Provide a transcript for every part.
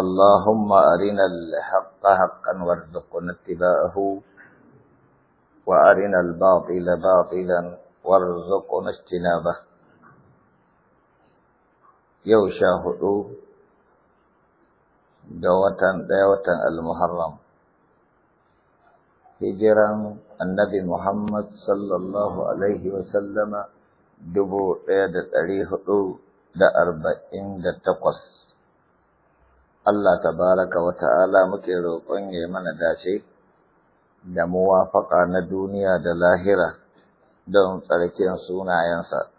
اللهم أرنا الحق حقا وارزقنا اتباعه وأرنا الباطل باطلا وارزقنا اجتنابه يوشا شاهدو دوتا دوتا المحرم هجرا النبي محمد صلى الله عليه وسلم دبو عيد الأريه دو دا أربعين دا تقص Allah tabaraka wa ta'ala muke roƙon ya mana dace da muwafaka na duniya da lahira don tsarkin sunayensa.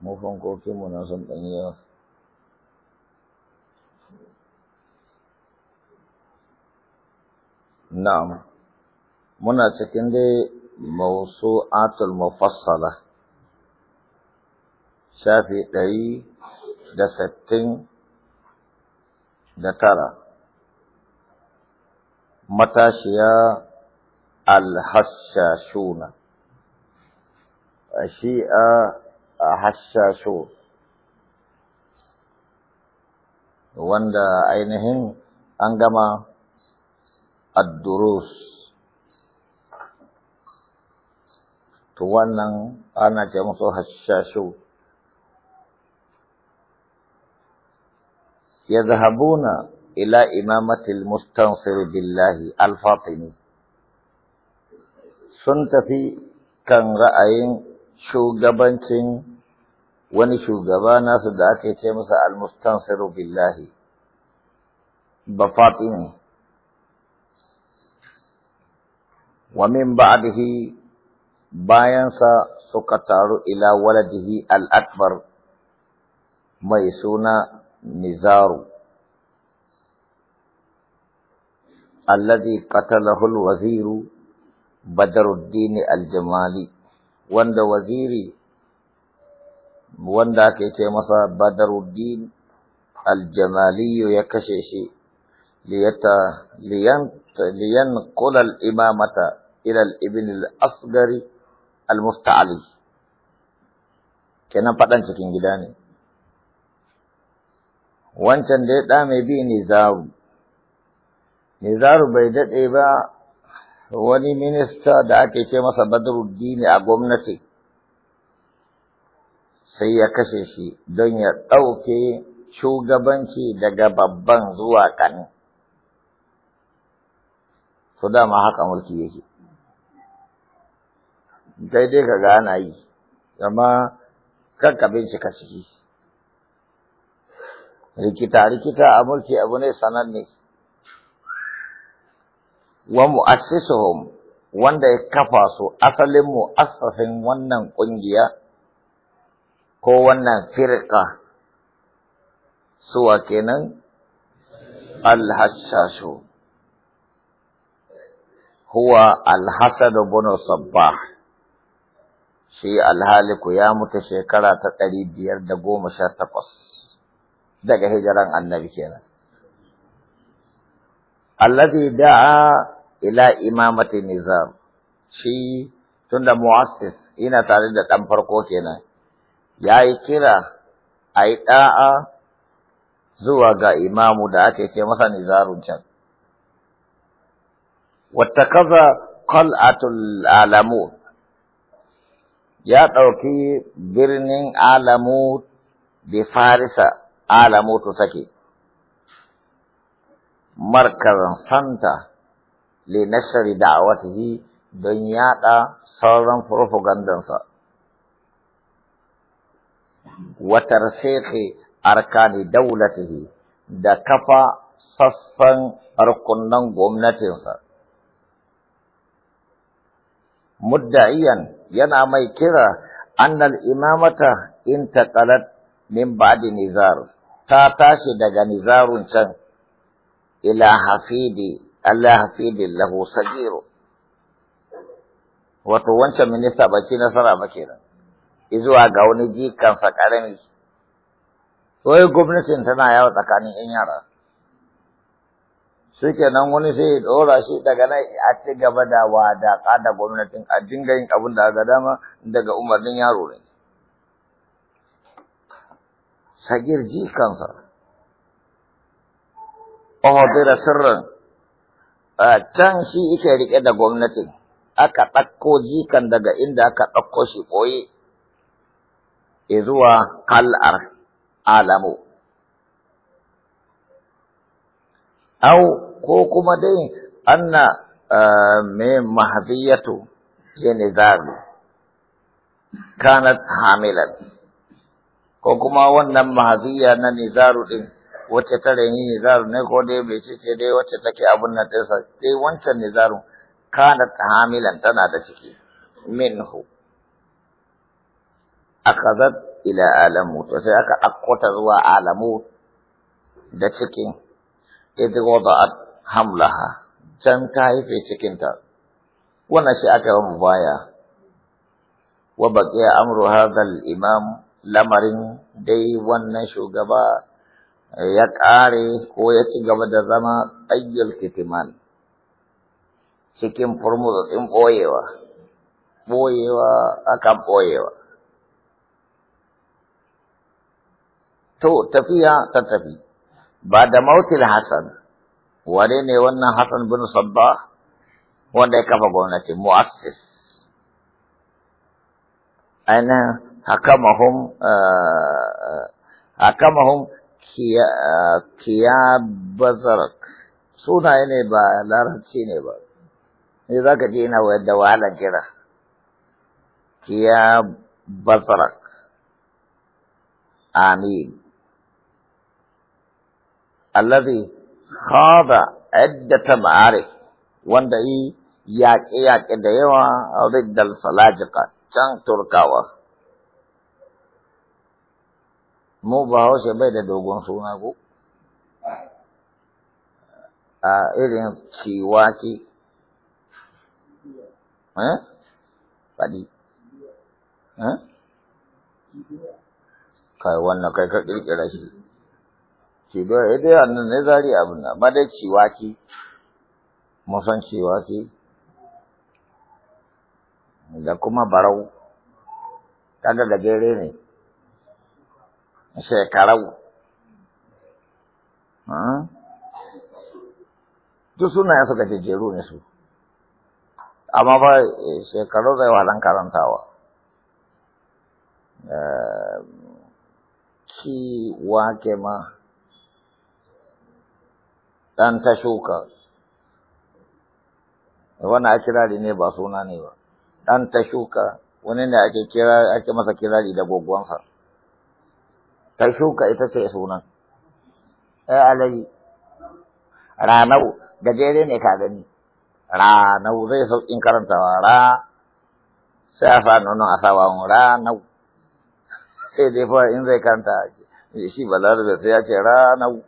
mufin kokinmu na sun Na'am, muna cikin dai atul mufassala. shafi ɗari da sittin da tara matashiya alhashashuna shi'a hashashu wanda ainihin an gama addurus to wannan ana ce musu hashashu يذهبون إلى إمامة المستنصر بالله الفاطمي tafi kan ra'ayin shugabancin wani shugaba nasu da aka ce masa almustansiru billahi ba fatimi wa min ba'dihi bayansa suka taru ila waladihi al-akbar mai suna نزار الذي قتله الوزير بدر الدين الجمالي وند وزيري وندا كيتي مسا بدر الدين الجمالي يكششي ليت لينت لينقل الإمامة إلى الإبن الأصغر المفتعلي كنا بدن سكين جداني wancan dai ɗa mai bi nizaru nizaru bai daɗe ba wani minista da ake ce masa badruddini a gwamnati sai ya kashe shi don ya ɗauke shugabanci daga babban zuwa ƙani to dama haka mulki yake daidai ka ga ana yi amma kan ka bincika ciki rikita-rikita a mulki abu ne sananne wa mu'assisuhum wanda ya kafa su asalin mu'assasin wannan kungiya ko wannan firka suwa kenan alhassasu huwa al bin sabbah shi alhaliku ya mutu shekara ta 518 daga hijiran annabi kenan Allazi da'a ila imamati nizam shi tunda muassis ina tare da dan farko kenan yayi kira ai da'a zuwa ga imamu da ake ce masa nizarun can wattakaza qal'atul alamu ya dauki birnin alamu bi farisa to take markazan santa da a da'awatihi don yada sauran propagandansa watar tarsikhi arkani daulatihi da kafa sassan rukunan gwamnatinsa mudda'iyan yana mai kira annal imamata intaqalat min ba'di nizar ta tashi daga nizarun can ila hafidi Allah hafidi lahu sagiru wato wancan minista ba ci nasara ba kenan izuwa ga wani jikansa karami wai gwamnatin tana yawa tsakanin yan yara Suke nan wani sai ya ɗora shi daga nan a ci gaba da wadaƙa da gwamnatin a dinga yin abin da ga dama daga umarnin yaro ne sagir jikansa dira sirrin can shi ike rike da gwamnatin aka ɗakko jikan daga inda aka ɗakko shi ɓoye zuwa kal'ar alamu au ko kuma dai anna mai mahaziyatu ke nizami kanat hamilan ko kuma wannan mahaziya na nizaru din wacce ta rayu nizaru ne ko dai bai ce dai wacce take abun nan ɗinsa dai wancan nizaru kanat hamilan tana da ciki minhu akazat ila alamu to sai aka ta zuwa alamu da cikin idh a hamlaha can ta haife cikinta wannan shi aka yi baya wa baqiya amru hadha al-imam lamarin dai wannan shugaba ya ƙare ko ya ci gaba da zama tsayyar kitiman cikin furmutsatsin ɓoyewa, ɓoyewa akan ɓoyewa. To, tafiya ta tafi, ba da mautil Hassan, wane ne wannan Hassan bin Sabba wanda ya kafa gwamnati, mu'assis. Ainihin hakamahum hakamahum kiyabazarak sunaye ne ba larabci ne ba ne za ka ji ina wayar da wahalar kira kiyabazarak amin allazi عدة معارك وندعي ياك ياك ديوا ضد الفلاجقة تشان تركاوه mu ba washe bai da dogon suna ku a irin kiwaki eh faɗi eh kai wannan kai ka kirkira shi ki ba eh dai ne zari abin nan ba dai kiwaki mun san kiwaki da kuma barau kaga gajere ne shekarau duk suna ya suka jejjeru ne su amma ba eh, shekaru zai wa wahalan karantawa ki eh, wake ma ɗan ta shuka wannan a kirari ne ba suna ne ba ɗan ta shuka wani ne ake ake masa kirari da gwaggwansa Kai shuka ita ce sunan Ai eh, alaji ranau gajere ne ka gani ranau zai sauƙin karantawa ra sai a sa nono a sa wawon ranau sai dai fa in zai karanta shi balarabe sai ya ce ranau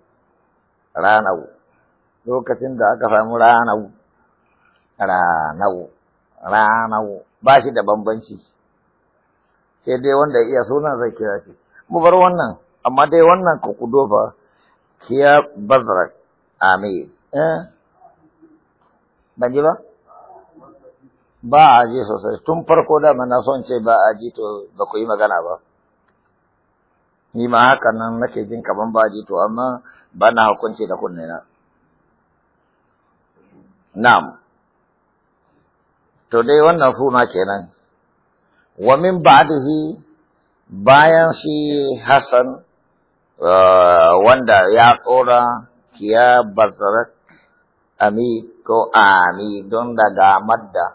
ranau lokacin da aka samu ranau ranau ranau ba shi da bambanci sai dai wanda iya sunan zai kira shi mu bar wannan amma dai wannan ku fa kiya bazara, amin eh? ban ji ba ba a ji sosai tun farko da mana son ce ba a ji to ba ku yi magana ba ni ma haka nan nake jin kaman ba ji to amma ba na hukunci da kunne na na'am to dai wannan suna kenan wa min ba'dihi bayan shi Hassan uh, wanda ya tsora kiya bazarak ami ko ami don daga madda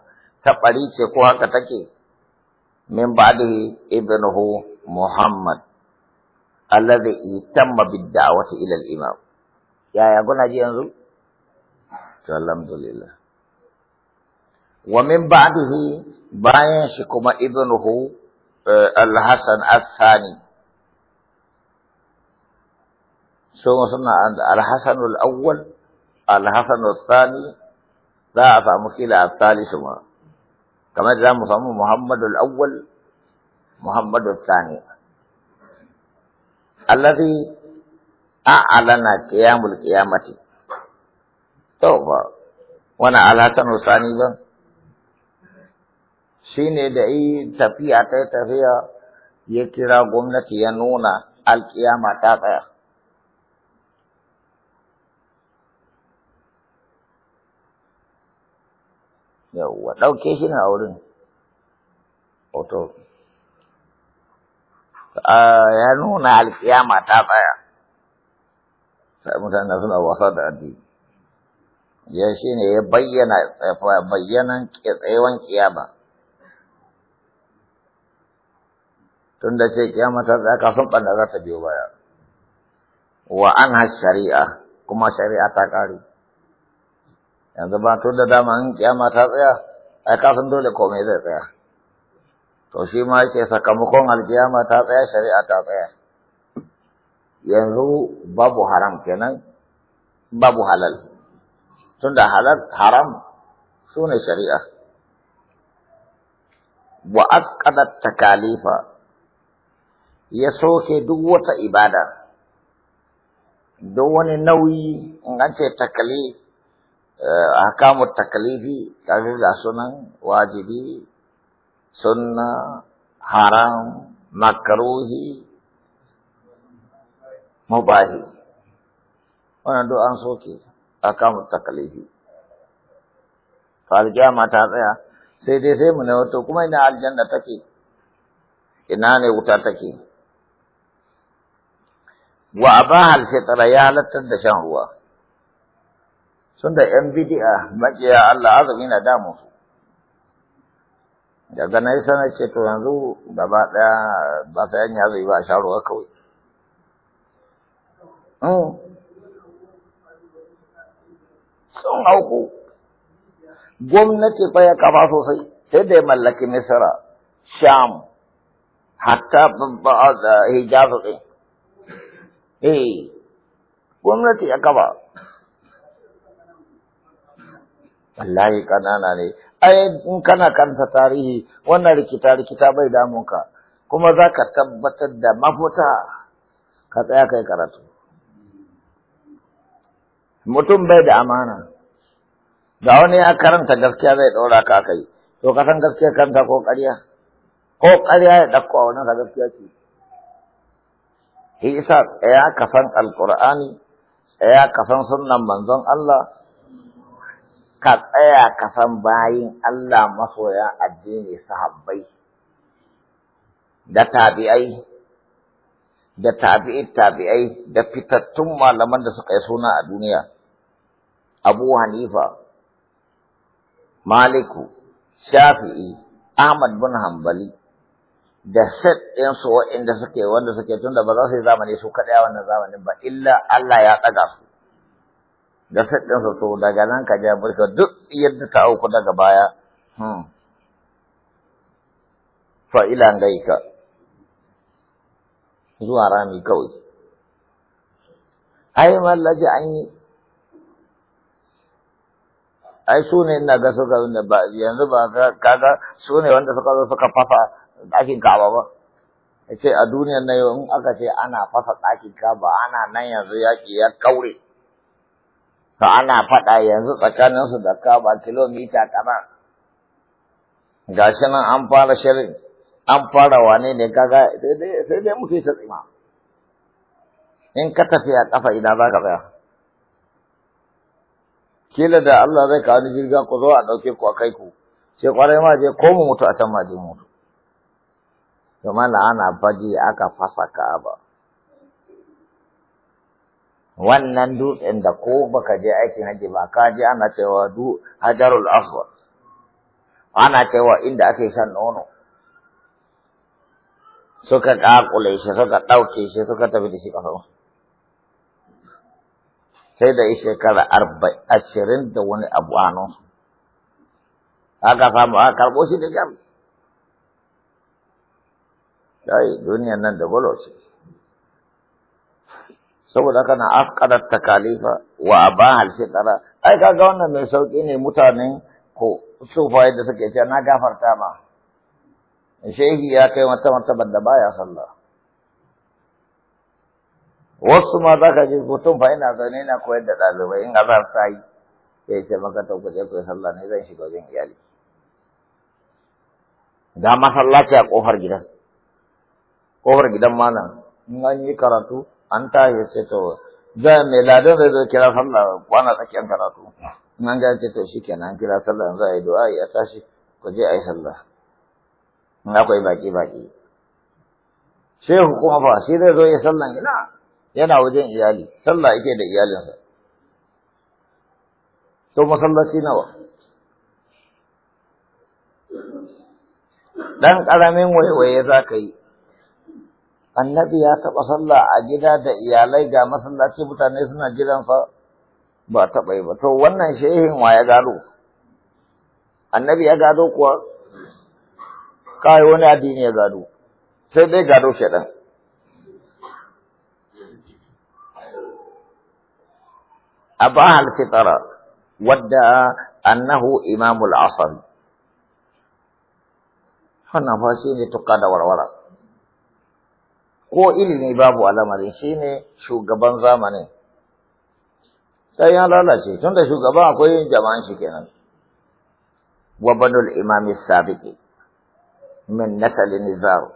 ta ɓari ce ko haka take min ba'dihi ibnuhu Muhammad yi tamma bid da'wati ila al-imam yaya guna ji yanzu to alhamdulillah wa min ba'dihi bayan shi kuma ibnuhu آه، الحسن الثاني ثم عند الحسن الأول الحسن الثاني لا أفهم كلا الثالث كما جاء مصمم محمد الأول محمد الثاني الذي أعلن قيام القيامة توبة وانا الحسن الثاني بقى shine da yi tafiya ta yi tafiya ya kira gwamnati ya nuna alkiyama ta tsaya yawwa ɗauke shi ne a wurin hoto ya nuna alkiyama ta tsaya sai mutane suna wasa da addini ya shi ne ya bayyana bayyanan tsayawan kiyama tun da ce kiyama ta tsaya ka san za ta biyo baya wa anha shari'a kuma shari'a ta ƙare yanzu ba tun da dama in kiyama ta tsaya ai ka san dole komai zai tsaya to shi ma yake sakamakon alkiyama ta tsaya shari'a ta tsaya yanzu babu haram kenan babu halal tunda halal haram su ne shari'a wa asqadat takalifa ya soke duk wata ibada duk wani nauyi in an ce takali eh, ahkamu takalifi kaga ga sunan wajibi sunna haram makaruhi mubahi wannan duk an soke ahkamu takalifi alkiyama ta tsaya sai dai sai mu ne wato kuma ina aljanna take ina ne wuta take wa abaha alfitra ya halartar da shan ruwa sun da yan bidi'a makiya Allah azumi na damu su daga na isa na ce to yanzu gaba ɗaya ba yan an yazo ba a sha ruwa kawai hmm. sun auku gwamnati fa ya kafa sosai sai da ya mallaki misra sham hatta hijaz ɗin Eh, gwamnati ya kafa. Wallahi ƙanana ne, ai in kana kanta tarihi wannan rikita-rikita bai damunka, kuma za ka tabbatar da mafuta ka tsaya kai karatu. Mutum bai da amana, da wani ya karanta gaskiya zai ɗora ka kai, to ka san gaskiya kanta ko ƙarya, ko ƙarya ya ɗauko a wani ka gaskiya ce. isa tsaya kasan san alƙur'ani tsaya ka san sunnan manzon Allah ka tsaya ka san bayin Allah masoya addini sahabbai da tabi'ai da tabi'i tabi'ai da fitattun malaman da suka yi suna a duniya Abu Hanifa Maliku Shafi'i Ahmad bin Hanbali da set ɗinsu waɗanda suke wanda suke tunda ba za su yi zamani su kaɗaya wannan zamanin ba illa Allah ya ɗaga su da set ɗinsu to daga nan ka ja ka duk yadda ta auku daga baya hmm. fa'ilan gaika zuwa rami kawai ai mallaji an yi ai su ne ina ga suka yanzu ba kaga su ne wanda suka zo suka fafa ɗakin kaba ba ya ce a duniya na yau in aka ce ana fasa ɗakin kaba ana nan yanzu yaƙi ya kaure to ana faɗa yanzu tsakaninsu da kaba kilomita Ga shi nan an fara shirin an fara wane ne kaga sai dai muke ta tsima in ka tafi a ƙafa ina za ka tsaya kila da Allah zai kawo jirga ku zo a ɗauke ku a kai ku sai kwarai ma je ko mu mutu a can ma je mutu da ana baji aka fasa Ka'aba. Wannan dutsen da ko baka je aikin haji ba ka je ana cewa du hajarul aswad. Ana cewa inda ake shan nono. Suka kakule shi suka ɗauke shi suka tafi da shi ƙasa. Sai da yi shekara ashirin da wani abu a nan. Aka samu aka karɓo shi da jam. Yayi duniyan nan da bolo ce saboda haka na asqadat takalifa wa abahal fitara ai kaga wannan mai sauki ne mutanen ko sufaye da suke cewa na gafarta ma shehi ya kai wata martabar da baya sallah wasu ma za ka ji mutum fa ina zaune ina koyar da ɗalibai in azar ta yi sai ce maka ta kuje ku sallah ne zan shiga wajen iyali ga masallaci a kofar gidan kofar gidan malam in an yi karatu an ta ya ce to za mai da zai zo kira sallah kwana tsakiyar karatu in an gaya ce to ke an kira sallah za a yi du'a ya tashi ku je a yi sallah in akwai baki baki Shehu kuma fa shi zai zo ya sallan ina yana wajen iyali sallah yake da iyalinsa to masallaci nawa dan karamin waiwaye za ka yi annabi ya taɓa sallah a gida da iyalai ga masallaci mutane suna gidansa. ba taɓa yi ba to wannan shehin wa ya gado annabi ya gado kuwa kawai wani addini ya gado sai dai gado shaɗan أباها الفطرة ودعا أنه shi ne tukka da warwara. ko ilimi babu al'amarin shi ne shugaban zamani sai ya lalace tun da shugaban akwai yin jama'an shi kenan wa banul imami sabiki min nasali nizar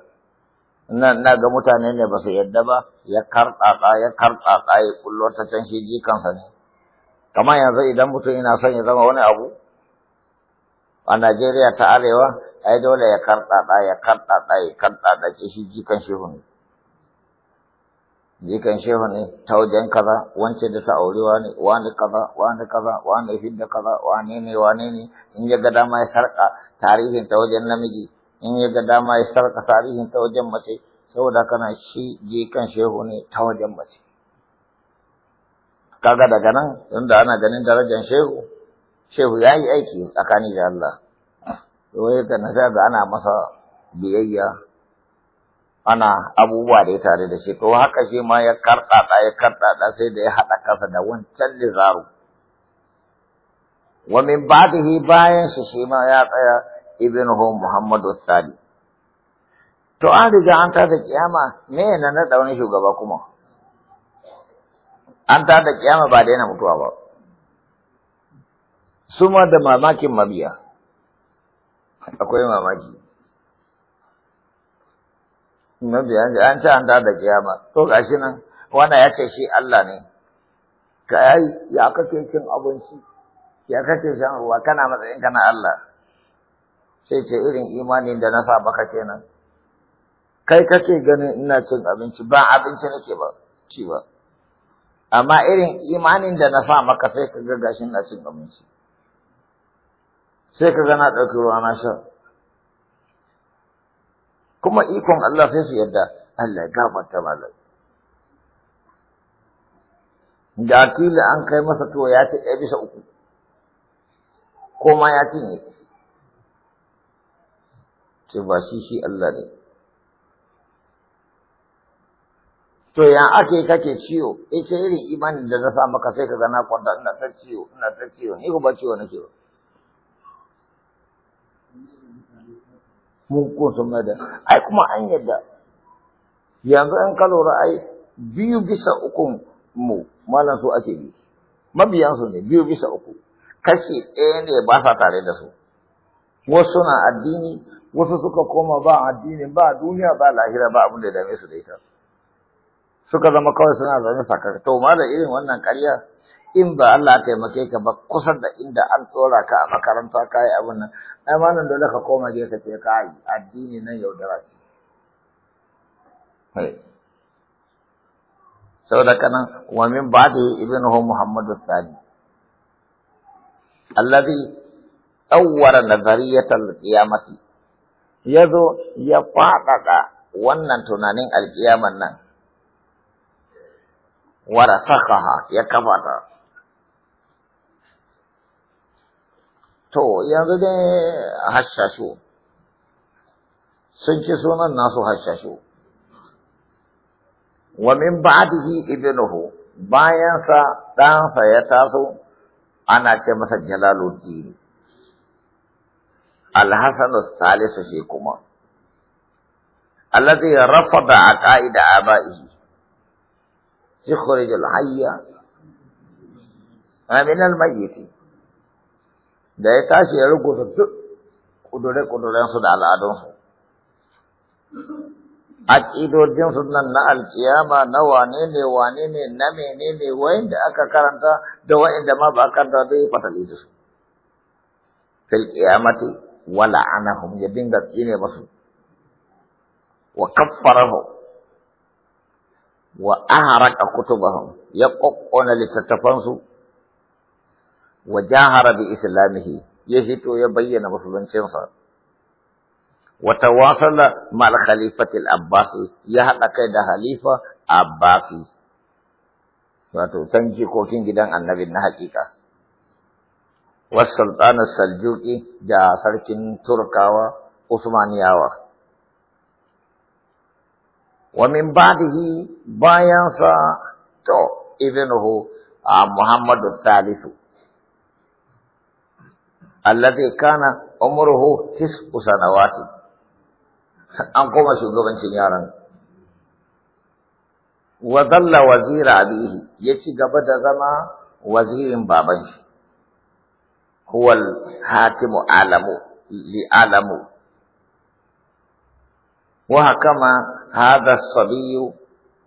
nan na ga mutane ne ba su yadda ba ya karɗaɗa ya karɗaɗa ya kullo ta can shi jikansa ne kamar yanzu idan mutum yana son ya zama wani abu a Najeriya ta arewa ai dole ya karɗaɗa ya karɗaɗa ya karɗaɗa shi jikan shi ne jikan shehu ne ta wajen kaza wance da ta wani wani kaza wani kaza wani da kaza wani ne wani ne in ya ga dama ya sarka tarihin ta wajen namiji in ya ga dama ya sarka tarihin ta wajen mace saboda kana shi jikan shehu ne ta wajen mace kaga daga nan inda ana ganin darajar shehu shehu ya yi aiki tsakani da Allah wai ka na ga ana masa biyayya ana abubuwa da ya tare da shi to haka shi ma ya karɗaɗa ya karɗaɗa sai da ya haɗa kasa da wancan lizaru wa min ba'dihi bayan shi shi ma ya tsaya hu muhammadu sali to an riga an tada kiyama me na na wani shugaba kuma an tada kiyama ba yana mutuwa ba suma da mamakin mabiya akwai mamaki mabiyan ji an ce an da kiyama to gashi nan wannan ya ce shi Allah ne ka yi, ya kake cin abinci ya kake shan ruwa kana matsayin kana Allah sai ce irin imanin da na sa baka kenan kai kake ganin ina cin abinci ba abinci nake ba ci ba amma irin imanin da na sa maka sai ka ga gashin na cin abinci sai ka ga na ɗauki ruwa na sha kuma ikon Allah sai su yadda Allah ya gafarta malam da kila an kai masa to ya ci ɗaya bisa uku ko ma ya cinye ce ba shi shi Allah ne to ya ake kake ciwo eh, ita irin imanin da na sa maka sai ka gana na kwanta ina ta ciwo ina ta ciwo ni ko ba ciwo nake ba muku sun da ai kuma an yadda yanzu an kalora ai biyu bisa uku mu malan su ake bi mabiyan su ne biyu bisa uku kashi ɗaya ne ba sa tare da su wasu na addini wasu suka koma ba addini ba duniya ba lahira ba abin da dame su da ita suka zama kawai suna zaune sakaka to irin wannan ƙarya in ba Allah ya taimake ka ba kusa da inda an tsora ka a makaranta ka yi abin nan ai ma nan dole ka koma je ka ce ka yi addini nan yaudara ce saboda kana wa min ba'di ibnuhu muhammadu Sani? alladhi tsawwara nazariyatal qiyamati yazo ya faɗaɗa wannan tunanin alƙiyaman nan warasakaha ya kafa To, yanzu dai hashashu, sun ci sunan nasu hashashu. Wa min ba'dihi ibnuhu bayansa ɗansa ya taso ana ce masa Jalaluddin. al Salisu shi kuma. Alladhi rafada a abaihi. Yukhrij al-hayya min al-mayyit. da ya tashi ya rubuta duk ƙudure-ƙudurensu da al'adunsu. Aƙidojinsu nan na alƙiyama na wane ne wane ne na mene ne wayan da aka karanta da wayan da ma ba a karanta zai fatali da su. Fil ƙiyamati wala anahum ya dinga tsine masu wa kaffarahu wa aharaka kutubahum ya ƙoƙƙona littattafansu wa jahara bi islamihi ya hito ya bayyana musuluncinsa wa tawasala mal khalifatil abbasi ya haɗa kai da halifa Abbas. wato san jikokin gidan annabi na haƙiƙa wa sultan saljuki da sarkin turkawa usmaniyawa ومن بعده بايان فا تو ابنه Muhammadu Salisu. alladhi kana umruhu tis'u sanawati an koma shugabancin yaran wa dalla wazira abihi ya ci gaba da zama wazirin baban shi huwa hatimu alamu li alamu wa hakama hadha sabiyu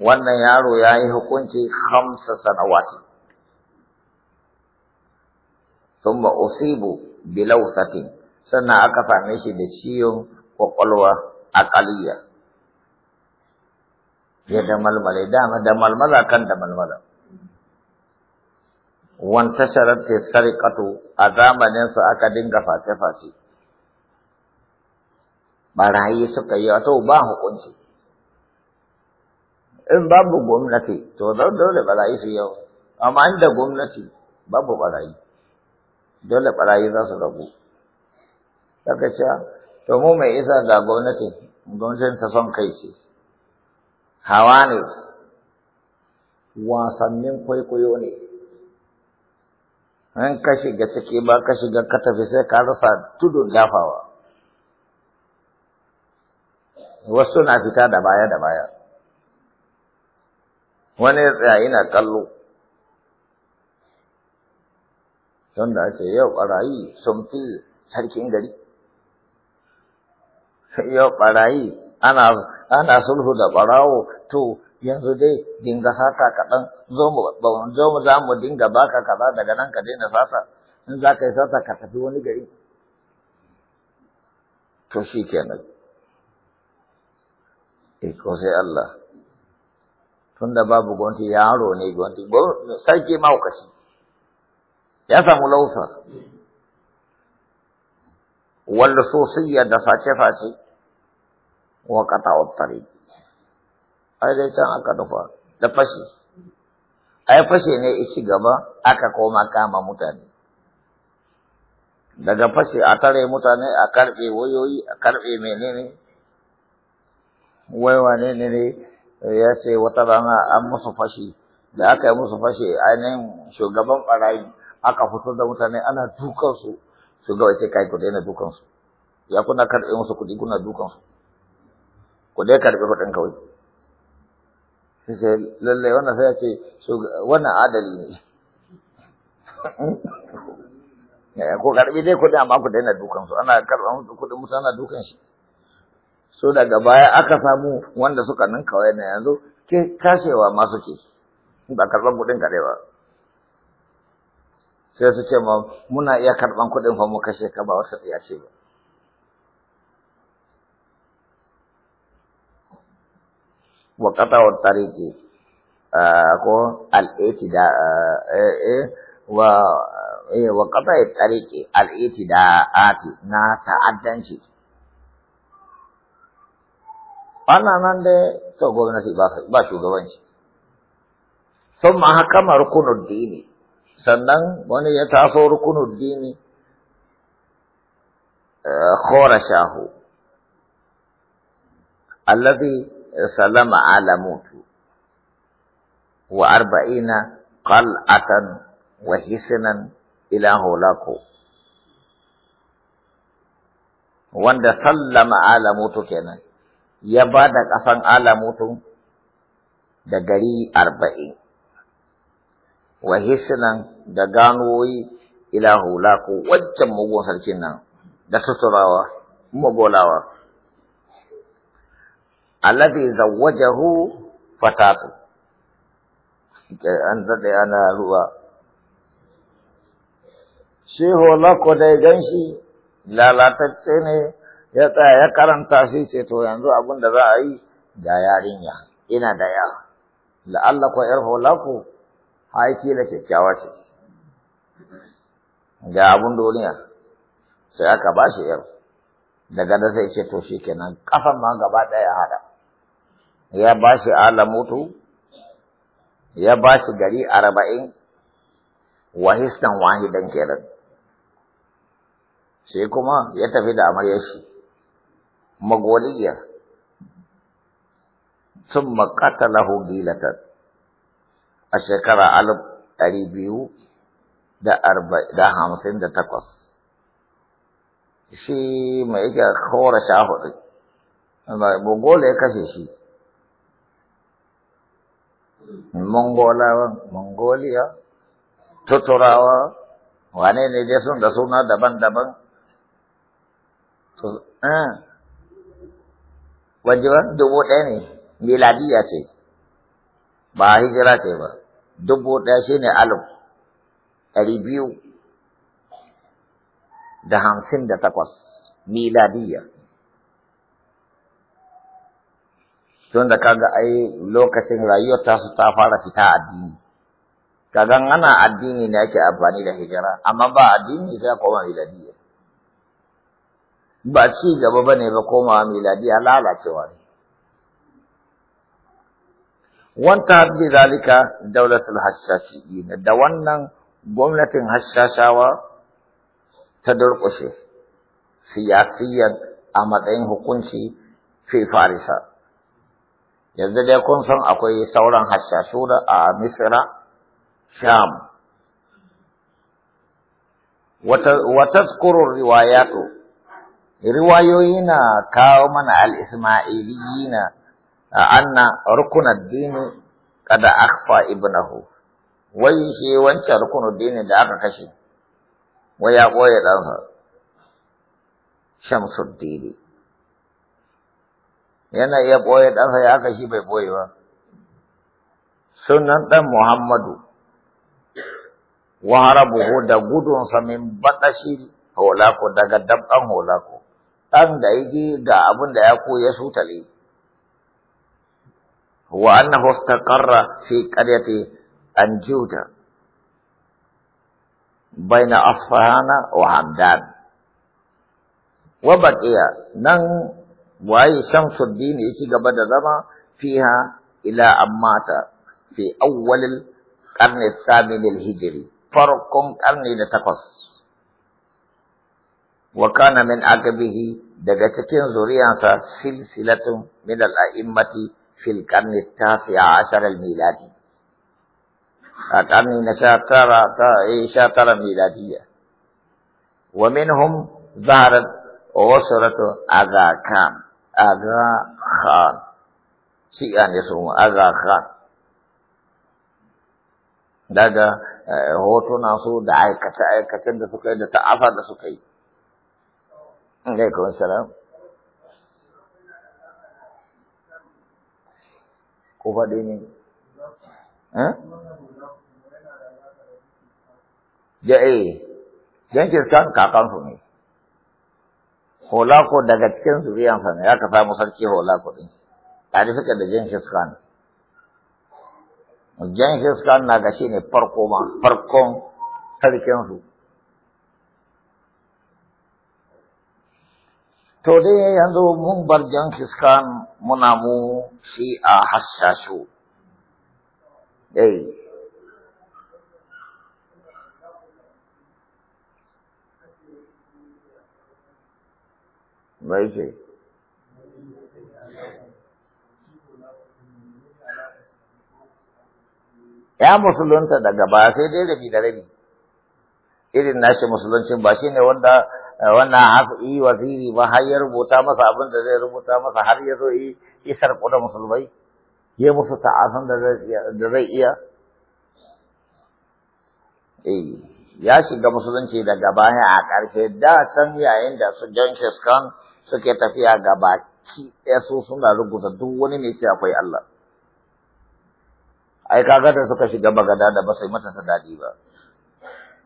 wannan yaro yayi hukunci khamsa sanawati ثم أصيبوا satin. sannan aka same shi da ciwon kwakwalwa kaliya ya da malmale dama da malmala kan da malmala wantasharar ta sarƙato a su aka dinga face-face barayi suka yi wato ba hukunci in babu gwamnati to dole barayi su yau amma inda gwamnati babu barayi dole ɓarayi za su rabu daga cewa to mu mai isa ga gwamnati gwamnatin ta son kai ce hawa ne wasannin kwaikwayo ne an ka shiga ciki ba ka shiga ka tafi sai ka rasa tudun gafawa wasu na fita da baya da baya wani ya tsaya yana kallo don da ake yau ɓarayi sun fi sarkin gari yau ɓarayi ana sulhu da ɓarawo to yanzu dai dinga sata kaɗan zo mu za mu dinga baka kaza daga nan ka daina sata in za ka yi sata ka tafi wani gari to shi kenan iko e, sai Allah tunda babu gwanti yaro ne gwanti, sarki kashi. ya samu lausa wanda ya da face-face wa katawar tare ai dai can aka dafa da fashe ai fashe ne ishi gaba aka koma kama mutane daga fashe a tare mutane a karbe wayoyi a karbe menene wai wane ne ne ya ce wata rana an musu fashe da aka yi musu fashe ainihin shugaban ɓarayi aka fitar da mutane ana dukan su su ga wace kai ku daina dukan su ya kuna karɓe musu kudi kuna dukan su ku dai karɓe kuɗin kawai sai sai lalle wannan sai ya ce wannan adali ne eh, ko karɓi dai kuɗi amma ku daina dukan su ana karɓa musu kuɗin musu ana dukan shi so daga baya aka samu wanda suka kawai na yanzu ke kashewa masu ke ba karɓar kudin kaɗai ba sai su ce ma muna iya karɓan kuɗin fa mu kashe ka ba wasu ya ce ba wa wa tariqi ko al-itida wa wa qata'u tariqi al-itidaati na ta'addanci ana nan dai to gwamnati ba shugabanci sun ma haka rukunin dini sannan wani ya taso rukunuddini khorashahu alladhi salama alamutu wa arba'ina qal'atan wa hisnan ila hulaku wanda sallama alamutu kenan ya bada kasan alamutu da gari arba'in wa hisinan da ganoyi ila hula ko waccan mugun sarkin nan da tuturawa mabolawa alladhi zawajahu fatatu an dade ana ruwa shi hola ko dai ganshi lalatacce ne ya tsaya ya karanta shi ce to yanzu abin da za a yi ga yarinya ina da ya la'alla ko yar hola ko ai da kyakkyawa ce ga abun duniya sai aka ba shi yar daga da sai ce to shi kenan kafan ma gaba ɗaya hada ya ba shi alamutu ya ba shi gari arba'in wahistan wahidan kenan sai kuma ya tafi da amaryar shi magoliyar sun makatalahu gilatar. a shekara alif ɗari biyu da arba'in da hamsin da takwas shi mai yake kora sha hudu Mongola ya kashe shi Mongolawa Mongolia Tuturawa wane ne dai sun da suna daban-daban eh. wajewa dubu ɗaya ne miladiya ce ba hijira ce ba dubu ɗaya shi ne alif ɗari biyu da hamsin da takwas miladiya. tun da kaga ai lokacin rayuwar tasu ta fara fita addini kaga ana addini ne ake amfani da hijira amma ba addini sai koma miladiya. ba ci gaba ne ba koma miladiya lalacewa ne wanta bi zalika dawlatul hashashiyin da wannan gwamnatin hashashawa ta durƙushe siyasiyyar a matsayin hukunci fi farisa yanzu dai kun san akwai sauran hashashura a misira sham wa tsakuru riwayato riwayoyi na kawo mana al-ismailiyina A anna rukunar dini kada akfa ibnahu wai shi wancan rukunar dini da aka kashe wai ya koya ɗansa shamsuddini yana iya boye ɗansa ya kashe bai boye ba sunan ɗan muhammadu waharabuhu da gudunsa min baɗashi holako daga dabban holako ɗan da yake ga abin da ya koya sutale هو أنه استقر في قرية أنجودة بين أصفهان وعمدان وبقي نن واي شمس الدين يشي قبل زما فيها إلى أن مات في أول القرن الثامن الهجري فرق قرن تقص وكان من عقبه دقتكين ذريانسا سلسلة من الأئمة في القرن التاسع عشر الميلادي القرن عشر ميلادية ومنهم ظهرت أسرة أغا كان أغا خان شيئا يسمى أغا خان دادا hotuna su دعاية aikace-aikacen da suka yi da ta'afa da suka yi. Alaikun ko faɗi ne ya eh jenkins kan kakansu ne holako daga cikin zuriyansa ne aka samu sarki holako ɗin tare suka da jenkins kan jenkins kan na gashi ne farko ma farkon sarkinsu To dai yanzu mun bar jan si muna mu shi a Ya musulunta daga ba sai dai rabi da rabi. Irin nashi musuluncin ba ne wanda wannan hafi waziri ba har ya rubuta masa abin da zai rubuta masa har ya zo yi isar da musulmai ya musu ta'asan da zai iya eh, ya shiga musulunci daga baya a ƙarshe da can yayin da su John Khan suke tafiya ga ki su suna rubuta duk wani ne ce akwai Allah ai kaga da suka shiga bagada da ba sai mata ta daɗi ba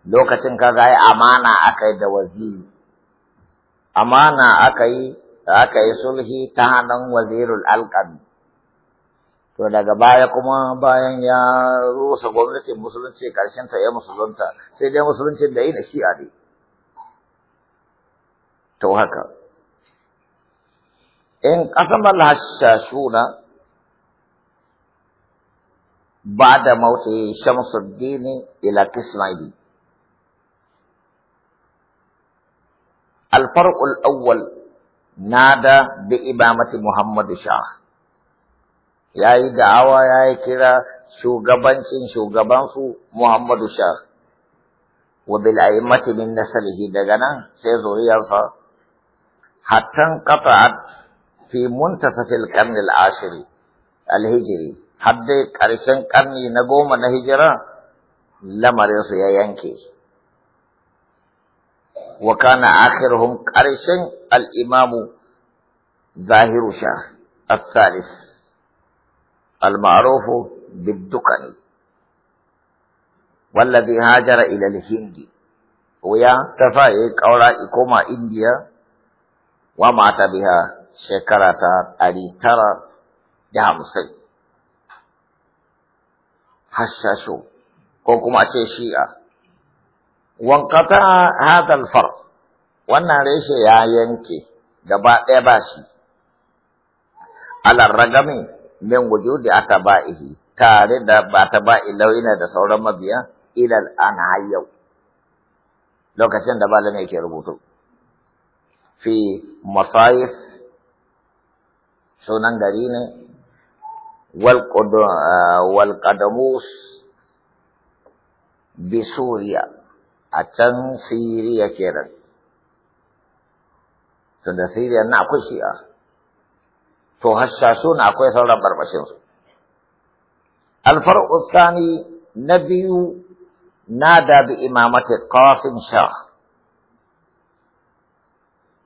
lokacin kaga ai amana akai da waziri amana aka yi aka yi sulhi ta hannun wazirul alƙami to daga baya kuma bayan ya rusa gwamnatin musulunci karshen ta ya musulunta sai dai Musulunci da yi shi shi'a ne to haka in qasama hashashuna ba da mauti shamsuddin ila kismaili الفرق الأول نادى بإمامة محمد شاه ياي دعوة ياي كرا شو غبان شن شو غبان فو محمد شاه وبالأئمة من نسله دغنا سيزو رياضة حتى انقطعت في منتصف القرن العاشر الهجري حد قرشن قرن نقوم نهجرا لما رسو يانكي وكان آخرهم قريش الإمام ظاهر شاه الثالث المعروف بالدكني والذي هاجر إلى الهند ويا تفاي كورا إكوما إنديا ومات بها شكرة ألي ترى جامسي حشاشو كوكوما شيشيئة wankata hadha far wannan reshe ya yanke gaba ɗaya ba shi alar ragami min wujudi aka ihi tare da ba ta ba ilawina da sauran mabiya ilal an yau lokacin da ne ke rubutu fi masayif sunan gari ne Walƙadamus, Bisuriya. a can siriya kenan tunda siriya na akwai shi'a to hashashu na akwai sauran barbashinsu الفرق الثاني نبي نادى بإمامة قاسم شاه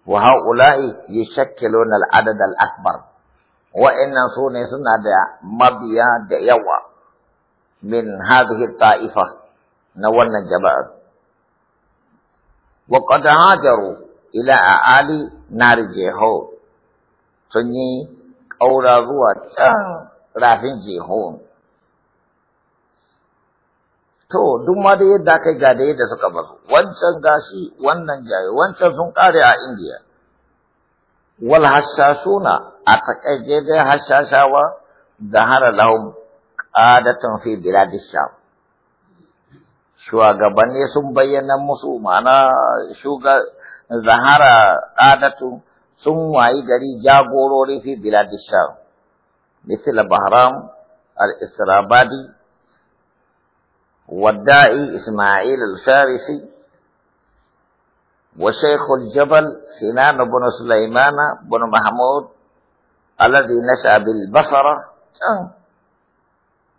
وهؤلاء يشكلون العدد الأكبر وإن سوني سنة مبيا ديوا من هذه الطائفة نولنا الجماعة وقد هاجروا إلى أعالي نار جيهون سني أورا زوا rafin jehon. To, duk ma da yadda kai ga da yadda suka bazu, wancan gashi, wannan jaye, wancan sun kare a Indiya. Wal a takaice dai hashashawa da hara lahum qadatun fi biladish sham. shugabanni sun bayyana musu ma'ana shuga zahara adatu sun wayi gari jagorori fi biladi sham misal bahram al-israbadi والداعي إسماعيل الفارسي وشيخ الجبل سنان بن سليمان بن محمود الذي نشأ بالبصرة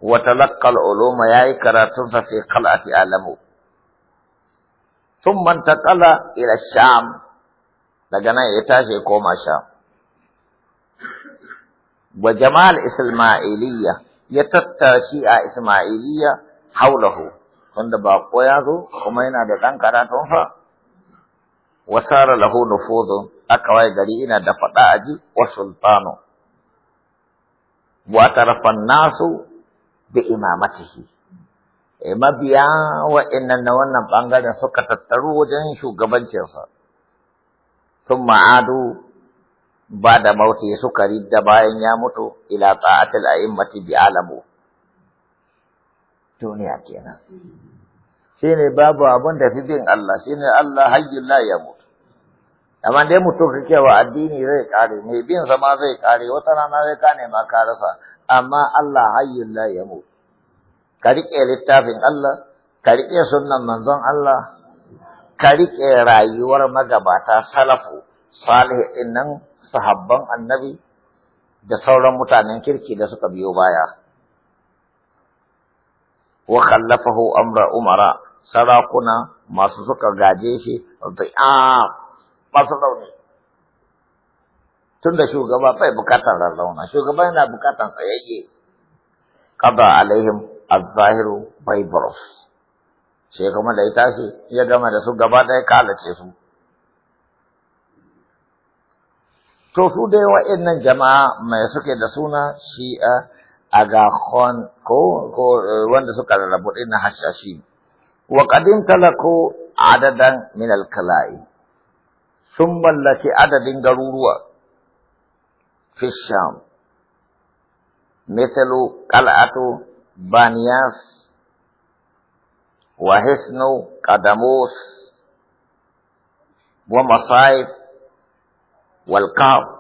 وتلقى العلوم ياي كراتون في قلعة آلمو ثم انتقل إلى الشام لقنا يتاشي كوما شام وجمال إسماعيلية يتتاشي إسماعيلية حوله عند باقوياه خمينا دقان كراتون فا وصار له نفوذ أكواي قرينا دفتاجي وسلطانه واعترف الناس bi imamatihi eh, mabiya wa'annan na wannan bangaren suka tattaru wajen shugabancinsa sun ma'adu ba da mauti suka ridda bayan ya mutu ila ta'atil a'immati bi alamu duniya kenan shine babu abin da fi bin Allah shine Allah hayyul la yamut amma dai mutum kake wa addini zai kare Mai bin sa zai kare wata rana zai kane ma ka rasa amma Allah hayyul la yamut ka riƙe littafin Allah ka riƙe sunnan manzon Allah ka riƙe rayuwar magabata salafu salih Innan, sahabban annabi da sauran mutanen kirki da suka biyo baya wa khallafahu amra umara sarakuna masu suka gaje shi da a rauni tunda shugaba bai bukatar rarrauna shugaba yana bukatar tsayayye qada alaihim az-zahiru baybros sai kuma da ita shi ya gama da su gaba ɗaya kalace su to su dai wa'annan jama'a mai suke da suna shi'a khon ko ko eh, wanda suka rarrabu din hashashi wa qadim talaku adadan min al-kala'i sun mallaki adadin garuruwa في الشام مثل قلعة بانياس وحسن قدموس ومصائب والقاب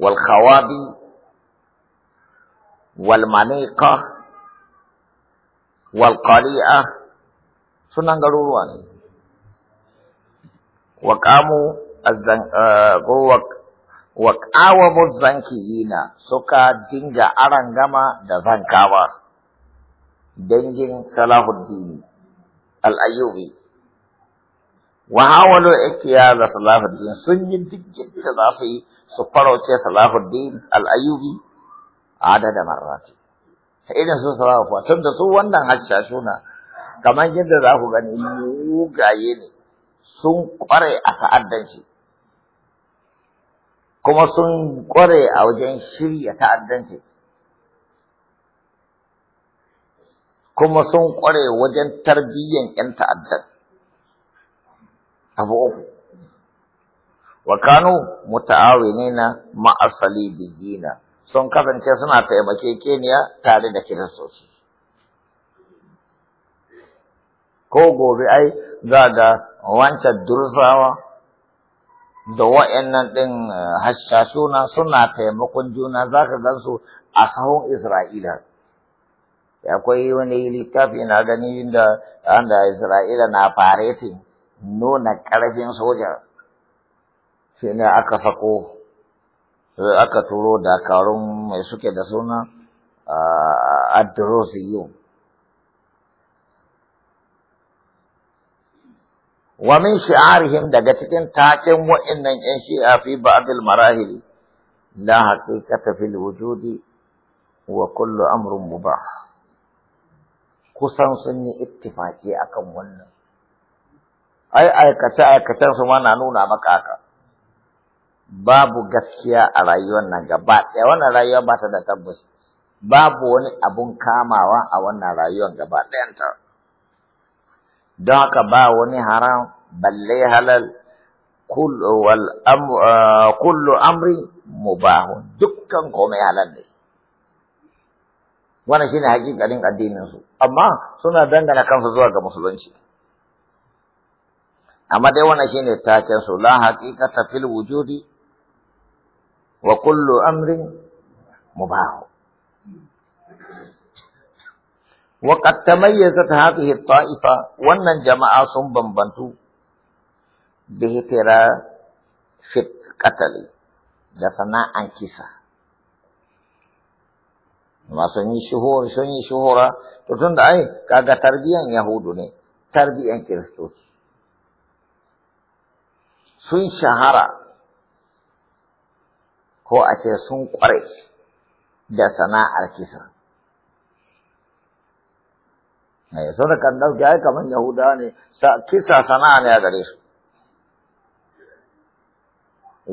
والخوابي والمنيقة والقليعة سنن garuruwa وقاموا wa آه... wa ƙawamu zankiyina suka dinga arangama da zankawa dangin salahuddin al'ayyubi wa hawalu ikiya da salahuddin sun yi dukkan da za su yi su farauce salahuddin al'ayyubi a da marrati irin su salahuwa tun da su wannan hashashuna kamar yadda za ku gani mugaye ne sun kware a ta'addanci kuma sun ƙware a wajen shirya ta'addanci kuma sun ƙware wajen tarbiyyan 'yan ta'addan abu uku wa kanu na ma'asali bijina sun kasance suna taimake keniya tare da kiristoci ko gobe ai za da wancan durzawa da wa'annan ɗin eh, hashashuna suna taimakon juna za ka su a sahun Isra'ila. Akwai wani littafi na gani da da Isra'ila na faretin nuna ƙarfin soja. Shi ne aka sako, eh, aka turo dakarun mai suke da suna a eh, Adrosiyu. wa min shi'arihim daga cikin taken wa'annan yan shi'a fi ba'dil marahil la haqiqata fil wujudi wa kullu amrin mubah kusan sun yi ittifaki akan wannan ai aikace aikacen su ma na nuna maka haka babu gaskiya a rayuwar nan gaba ɗaya wannan rayuwa ba ta da tabbas babu wani abun kamawa a wannan rayuwar gaba ɗayanta. ta don haka ba wani haram balle halal ah, kullu amri mubahun dukkan komai halal ne wannan shine hakikalin addinin su amma suna dangana kansu zuwa ga musulunci amma dai wannan shine taken su la haqiqata fil wujudi wa kullu amrin mubah wa qad tamayyazat hadhihi at-ta'ifa wannan jama'a sun bambantu bi hitira fi qatali da sana'an kisa ma sun yi shuhur sun yi shuhura to tunda ai kaga tarbiyan yahudu ne tarbiyan kiristoci sun shahara ko a ce sun kware da sana'ar kisa Eh, sadakan dauke ai kaman yahuda ne kisa sana'a ne a gare su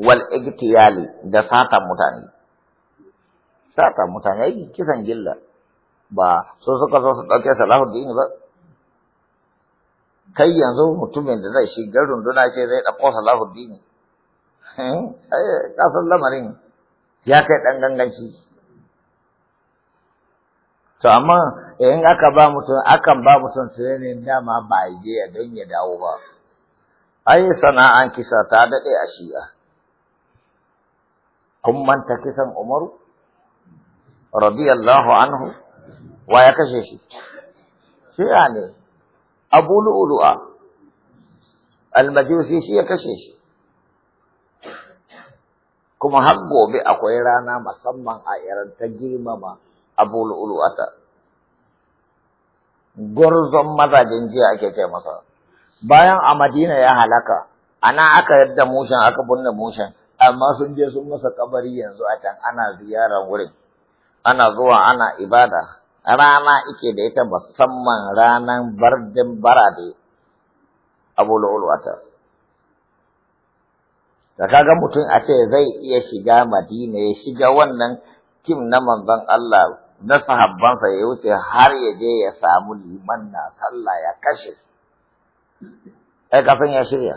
wal igtiyali da satan mutane satan mutane ai kisan gilla ba so suka zo su dauke salahuddin ba kai yanzu mutumin da zai shiga runduna ce zai dauko salahuddin eh ai kasan lamarin ya kai dan ganganci to amma in aka ba mutum akan ba mutum training dama ba je don ya dawo ba ai sana'an kisa ta daɗe a shi'a kun manta kisan umaru radiyallahu anhu wa ya kashe shi shi'a ne abu lu'ulu'a. almajusi shi ya kashe shi kuma har gobe akwai rana musamman a iran ta girmama abu ata. gwarzon mazajen jiya ake ce masa bayan a madina ya halaka ana aka yadda mushen aka binne mushen amma sun je sun masa kabari yanzu a can ana ziyarar wurin ana zuwa ana ibada rana ike da ita musamman ranan bardin barade abu ata. da kaga mutum a ce zai iya shiga Madina ya shiga wannan kim na manzon Allah na sahabbansa ya wuce har ya je ya samu liman na sallah ya kashe ai kafin ya shirya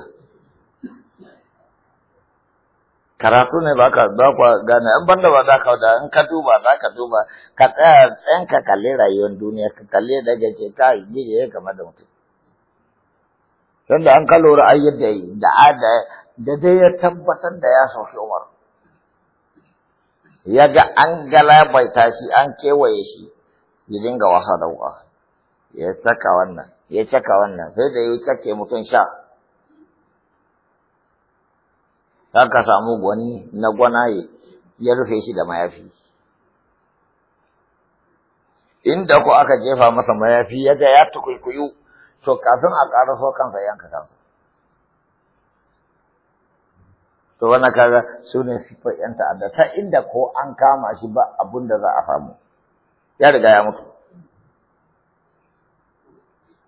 karatu ne ba ka ba kwa gane in banda ba za ka da in ka duba za ka duba ka tsaya tsayan ka kalli rayuwar duniya ka kalli daga ce ka gije ya game da mutum tunda an ka lura ayyadda yadda da da dai ya tabbatar da ya sauki Umar ya ga an galabaita shi an kewaye shi ya dinga wasa da wuka ya caka wannan ya caka wannan sai da ya cake mutum sha za ka samu gwani na gwana ya rufe shi da mayafi inda ku aka jefa masa mayafi ya ga ya tukuikuyu to kafin a so kansa yanka kansa to wannan kaga su ne siffar yan ta'adda ta inda ko an kama shi ba abunda da za a samu ya riga ya mutu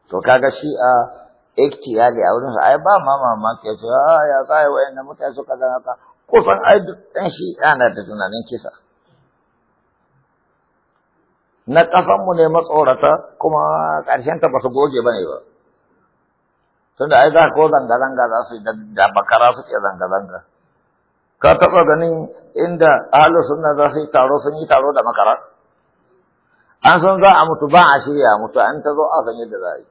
to kaga shi a ya a wurin ai ba ma mamaki ya ce ah, ya kai wayannan mutane su kaza Ko kusan ai dan shi yana da tunanin kisa na mu ne matsorata kuma ta ba su goge ba ne ba. Tunda ai za ko zanga-zanga za su yi da bakara suke zanga-zanga. ka taɓa ganin inda ahalar suna za su yi taro sun yi taro da makara an san za a mutu ba a shirya mutu an ta zo a san yadda za a yi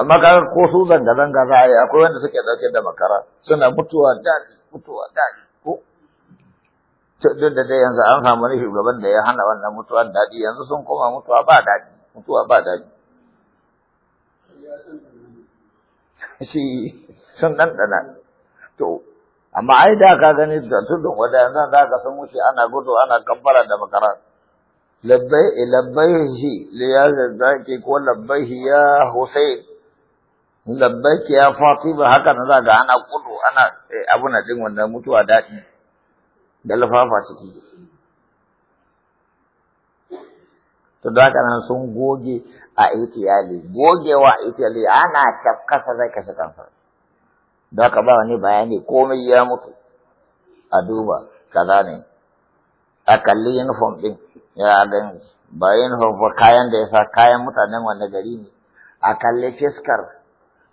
amma kaga ko su zanga-zanga za a yi akwai wanda suke ɗauke da makara suna mutuwa daɗi mutuwa daɗi ko duk da dai yanzu an samu wani shugaban da ya hana wannan mutuwa daɗi yanzu sun koma mutuwa ba daɗi mutuwa ba daɗi shi sun ɗanɗana to amma ai da ka gani da tudun wadannan za ka san wuce ana gudu ana kabbara da bakara labbai eh, labbaihi li ya zaki ko labbaihi ya husain labbaiki ya fatima haka na za ga ana gudu ana eh, abu na din wannan mutuwa daɗi da lafafa ciki to da haka nan sun goge a itiyali gogewa itiyali ana tafkasa zai kashe kansa da ka ba wani bayani komai ya mutu a duba kaza ne a kalli uniform ɗin ya gani ba uniform ba kayan da ya sa kayan mutanen wanne gari ne a kalli fiskar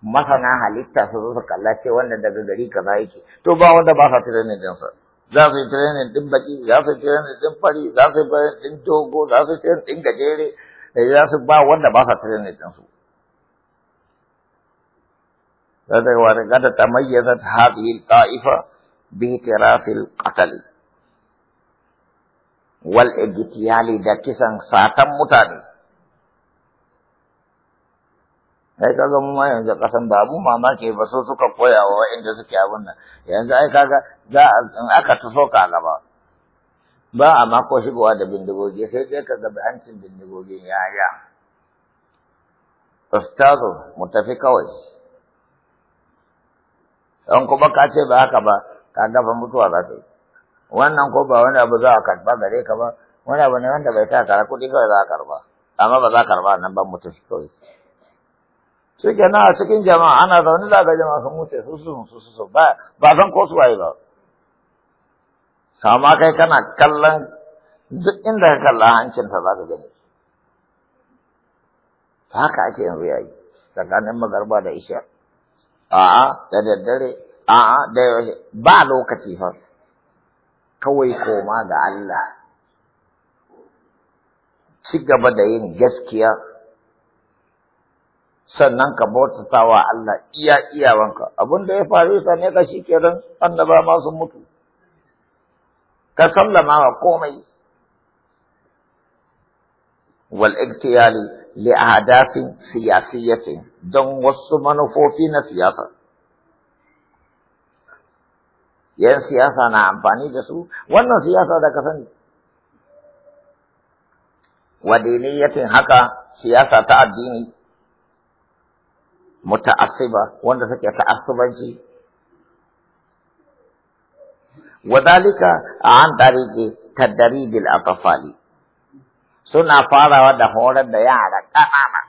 masana halitta su zo su kalla ce wanda daga gari kaza yake to ba wanda ba sa training din sa za su yi training din baki za su yi training din fari za su yi training din dogo za su yi training din gajere eh, za su ba wanda ba sa training din su وقد تميزت هذه الطائفة باعتراف القتل والاجتيال دا كسان ساتم متاني ai kaga mu ma yanzu kasan babu mamaki ba so suka koya wa waɗanda suke abin nan yanzu ai kaga za in aka taso ka gaba ba a ma ko shigowa da bindigogi sai dai ka ga hancin bindigogin yaya ustazu mu tafi kawai in kuma ka ce ba haka ba ka gafa mutuwa za ta yi wannan ko ba wani abu za a karba gare ka ba wani abu ne wanda bai ta kara kuɗi kawai za a karba amma ba za a karba nan ba mutu shi kawai shi na a cikin jama'a ana zaune za ga jama'a sun wuce su su su su ba ba san ko su waye ba kama kai kana kallon duk inda ka kalla hancinta za ka gani haka ake yanzu yayi tsakanin magarba da ishar a'a da daddare a'a da ba lokaci fa kawai koma ga Allah ci gaba da yin gaskiya sannan ka bautata wa Allah iya iyawanka abin da ya faru ne ka shikenan annaba ma sun mutu ka sallama wa komai wal iktiyali لأهداف سياسية دون وصمن فوفين سياسة ين سياسة نعم باني جسو ون سياسة دا كسن ودينية حقا سياسة تعديني متعصبة ون سكي تعصبا جي وذلك عن طريق تدريب الأطفال suna farawa da horar da yara ƙanana.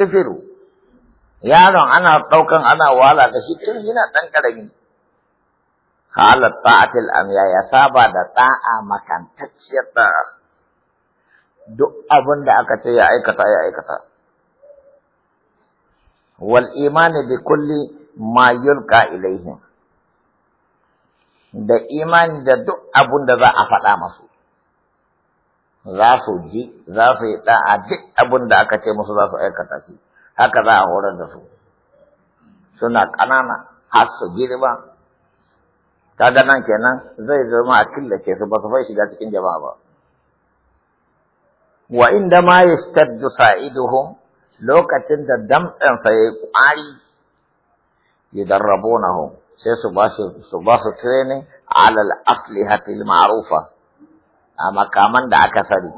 Tufiru, yaron ana ɗaukan ana wala da shi tun yana ɗan ƙarami. Halar ta'atil amiya ya saba da ta'a makantacciyar ta'a. Duk abin da aka ce ya aikata ya aikata. Wal imani bi kulli ma yulka ilaihim. Da imani da duk abin da za a faɗa masu. za su ji za su yi ɗa'a duk abin da aka ce musu za su aikata shi haka za a horar da su suna ƙanana har su girma da nan kenan zai zama a killace su ba su fai shiga cikin jama'a ba wa inda ma yashtaddu sa'iduhum lokacin da damtsensa ya yi ƙwari ya darrabo na sai su su ba su training alal asli hatil al-ma'rufa a makaman da aka sani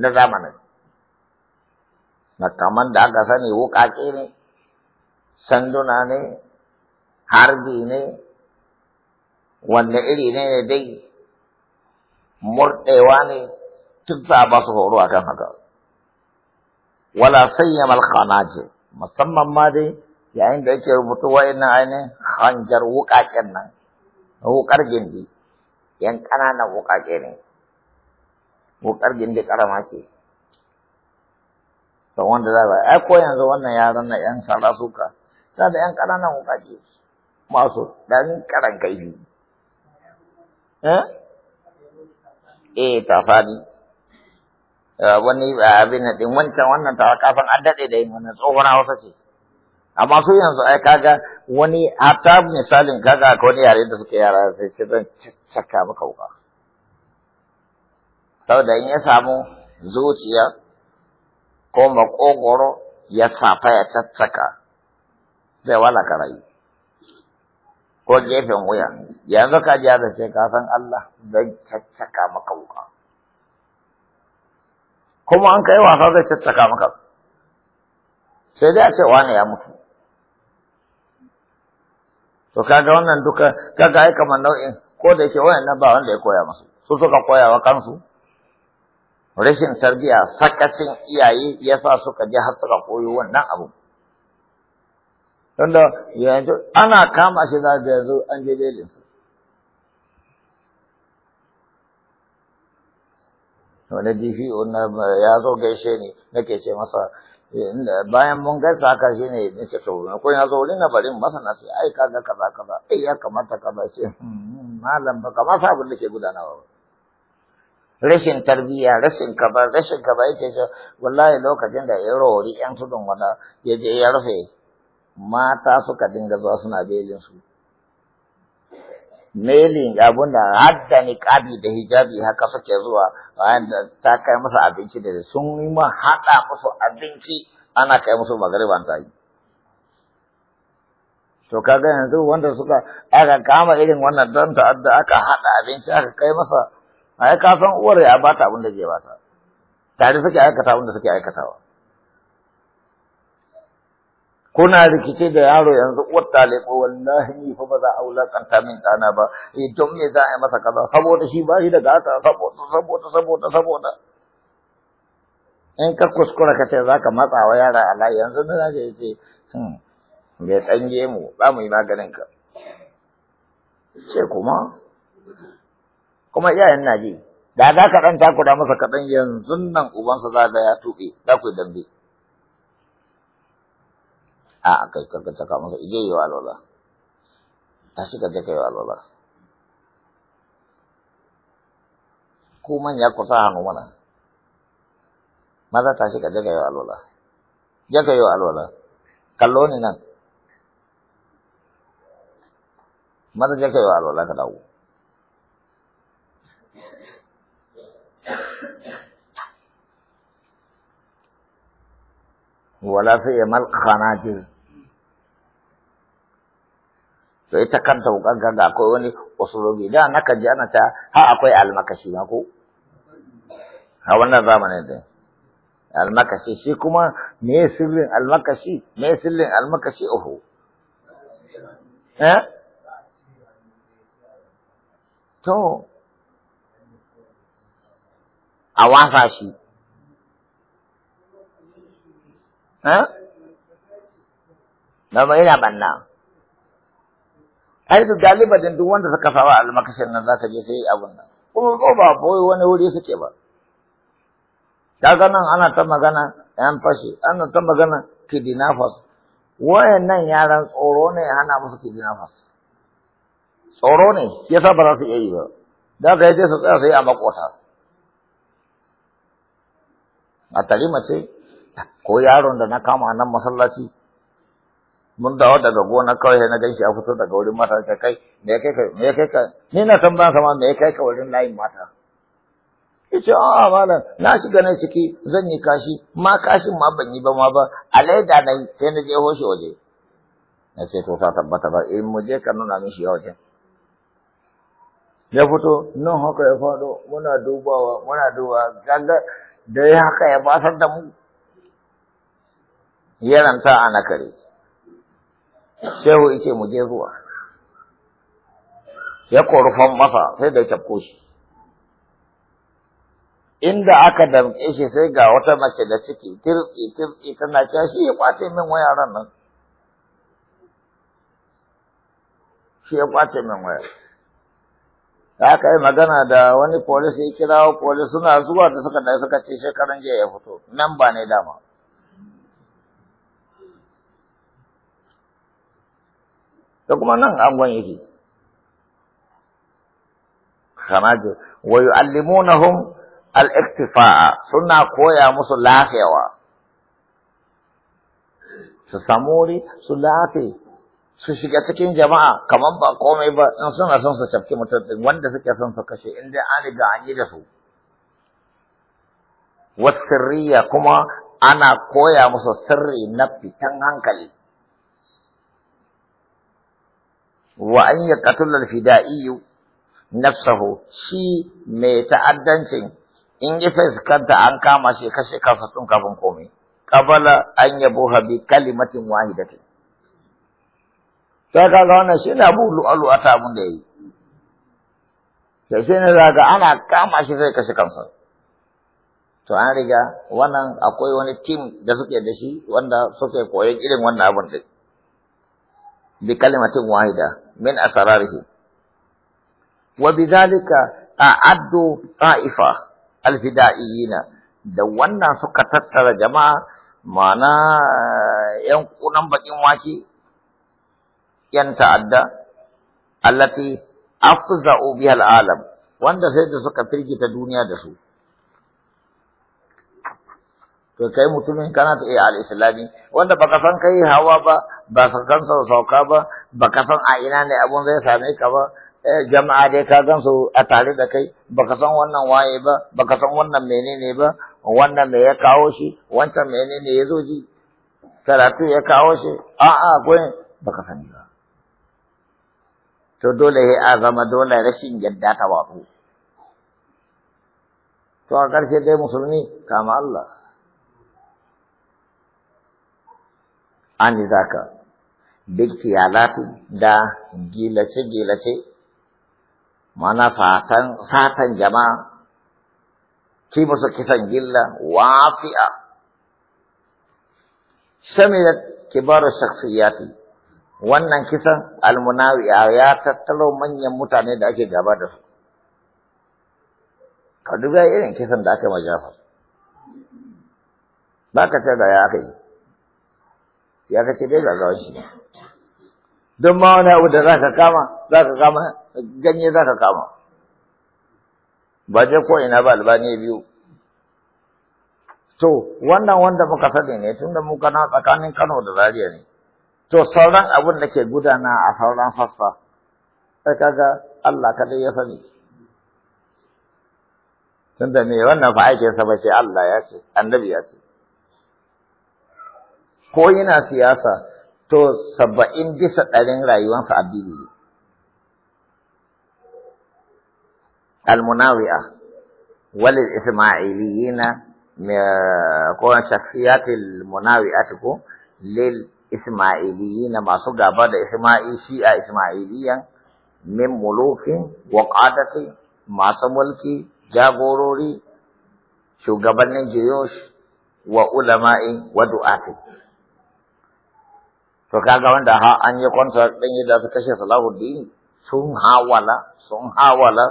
na zamanin makaman da aka sani wukaƙe ne sanduna ne harbi ne wanda iri ne ne dai murɗewa ne tun za a ba su horo akan haka wala sayyama al ce, musamman ma dai yayin da yake rubutu wa'annan ainihin hanjar wuƙaƙen nan wukar gindi yan ƙananan wuƙaƙe ne wukar gindi karama ce Ta wanda za a ai ko yanzu wannan yaran na yan sara suka sa da yan ƙananan wuka ce masu dan karan kaifi eh faɗi. Eh, tafani wani abin da ɗin wancan wannan ta kafan an daɗe da yin wannan tsohon Hausa ce amma su yanzu ai kaga wani hatta misalin kaga ko ne yare da suke yara sai ce zan caka maka wuka saboda in ya samu zuciya ko makogoro ya safa ya tattaka zai ko gefen wuya yanzu ka ji da sai ka san Allah zai tattaka maka wuka kuma an kai wasa zai tattaka maka sai dai a ce wani ya mutu to kaga wannan duka kaga aika kamar nau'in ko da yake wayannan ba wanda ya koya musu su suka koya wa kansu rashin tarbiya sakacin iyaye yasa suka ji har suka koyo wannan abu tunda yanzu ana kama shi za da yanzu an je belin wani DPO na ya zo gaishe ni nake ce masa bayan mun gaisa haka shi ne nake to ko ya zo wurin na bari masa na sai ai kaga kaza kaza ai eh, ya kamata kaza ce hmm, hmm, malam ba kamar sa da ke gudanawa ba rashin tarbiyya rashin kaba, rashin kaba yake ce wallahi lokacin da ya rori yan tudun wala ya je ya rufe mata suka dinga zuwa suna belin su mailing abunda da hadda niqabi da hijabi haka suke zuwa bayan da ta kai musu abinci da sun yi ma hada musu abinci ana kai musu magariba ta yi to kaga yanzu wanda suka aka kama irin wannan dan ta'adda aka hada abinci aka kai masa ai ka san uwar ya bata abin da zai bata tare suke aikata abin da suke aikatawa kuna rikice da yaro yanzu uwar ta ko wallahi ni fa ba za a wulakanta min ɗana ba eh don me za a yi masa kaza saboda shi ba shi da gata saboda saboda saboda saboda in ka kuskura ka ce za ka matsa wa yara a layi yanzu na zai ce hmm, bai tsange mu za mu yi maganin ka ce kuma kuma iyayen na ji da za ka ɗan takura masa kaɗan yanzu nan ubansa za ga ya tuɓe za ku yi dambe a kai kanka taka masa ije yi wa lola ta shi ka je ka yi wa lola ko manya ku sa hannu mana maza ta shi ka je ka yi wa lola je ka yi wa lola kallo ni nan maza je kai yi wa lola ka dawo wala sai ya mal khanajir to ita kanta wukan kaga akwai wani usulobi da naka ji ana ta ha akwai almakashi ma ko a wannan zamanin da almakashi shi kuma me sirrin almakashi me sirrin almakashi oho eh to a wasa shi Na ba yana banna. Ai duk galibajin duk wanda suka sawa almakashin nan za ta je sai abun nan. Kuma ko ba boye wani wuri suke ba. Daga nan ana ta magana ‘yan fashi, ana ta magana kidinafas. Wayannan yaran tsoro ne hana musu kidinafas. Tsoro ne, ya sa ba za su iya yi ba. Da ka yi su tsaya sai a makota. A tari mace, Ah, ko yaron da na kama nan masallaci mun dawo daga gona kawai na gan shi a fito daga wurin mata ta kai me kai ka me kai ka ni na san kama sama me kai ka wurin layin mata yace a malam na shiga na ciki zan yi kashi ma kashin ma ban yi ba ma ba alaida leda na sai na je hoshi waje na ce to ta tabbata ba in eh, mu je ka nuna min shi waje. ya fito nan haka ya faɗo muna dubawa muna dubawa ganga da ya haka ya basar da mu ya ranta a nakare shehu yace mu je zuwa ya korufan masa sai da cafko shi inda aka damƙe shi sai ga wata mace da ciki tirtsi tirtsi tana cewa shi ya kwace min wayaran nan shi ya kwace min waya da aka yi magana da wani polis ya kirawo polis suna zuwa da suka da suka ce shekaran jiya ya fito nan ba ne dama da kuma nan angon yake kamaje wa yu'allimunahum al-iktifa'a suna koya musu lafiyawa su samuri, wuri su lafi, su shiga cikin jama'a kamar ba komai ba in suna son su cafke mutum wanda suke son su kashe in dai an riga an yi da su wasirriya kuma ana koya musu sirri na fitan hankali wa an yaqtula al-fida'i nafsahu shi mai ta'addancin in ya fuskanta an kama shi kashe kansa tun kafin komai qabala an yabuha bi kalimatin wahidati sai kaga wannan shi na bu lu'alu ta abin da yi, sai sai ne zaga ana kama shi sai kashe kansa to an riga wannan akwai wani team da suke da shi wanda suke koyon irin wannan abin din بكلمة واحدة من أسراره وبذلك أعدوا طائفة الفدائيين دوانا سكتت جماعة نا ينقون بكين واشي ينتعد التي أفزعوا بها العالم وأن سيد سكتت الدنيا دسو to kai mutumin kana ta iya al-islami wanda baka san kai hawa ba ba ka san sauka ba baka san a ina ne abun zai same ka ba eh, jama'a dai ka gan su a tare da kai baka san wannan waye ba baka san wannan menene ba wannan me ya kawo shi wancan menene ya zo ji karatu ya kawo shi a'a gurin baka sani ba to dole ya zama dole rashin yadda ta wato to a ƙarshe dai musulmi kama Allah an zaka biktiyalati da gilace-gilace mana satan satan jama'a ki musu kisan gilla wafi'a samirat kibar shakhsiyati wannan kisan almunawiya ya tattalo manyan mutane da ake gaba da su ka duba irin kisan da aka majafa ba ka ce da ya aka yi ya kace dai ga gawa shi don ma wani abu da zaka kama zaka kama ganye zaka kama ba je ko ina ba albani biyu to wannan wanda muka sani ne tunda mu kana tsakanin Kano da Zaria ne to sauran abun da ke gudana a sauran fassa sai kaga Allah kadai ya sani tunda me wannan fa aikin sa bace Allah ya ce annabi ya ce ko yana siyasa to saba'in bisa ɗarin rayuwarsa addini ne. Almunawi'a wal Ismailiyina ko shaksiyatil munawi'ati ko lil Ismailiyina masu gaba da ismaili shi a Ismailiyan min mulukin wa qadati masu mulki jagorori shugabannin jiyosh wa ulama'i wa du'ati to kaga wanda ha an yi contract din yadda su kashe Salahuddin sun hawala sun hawala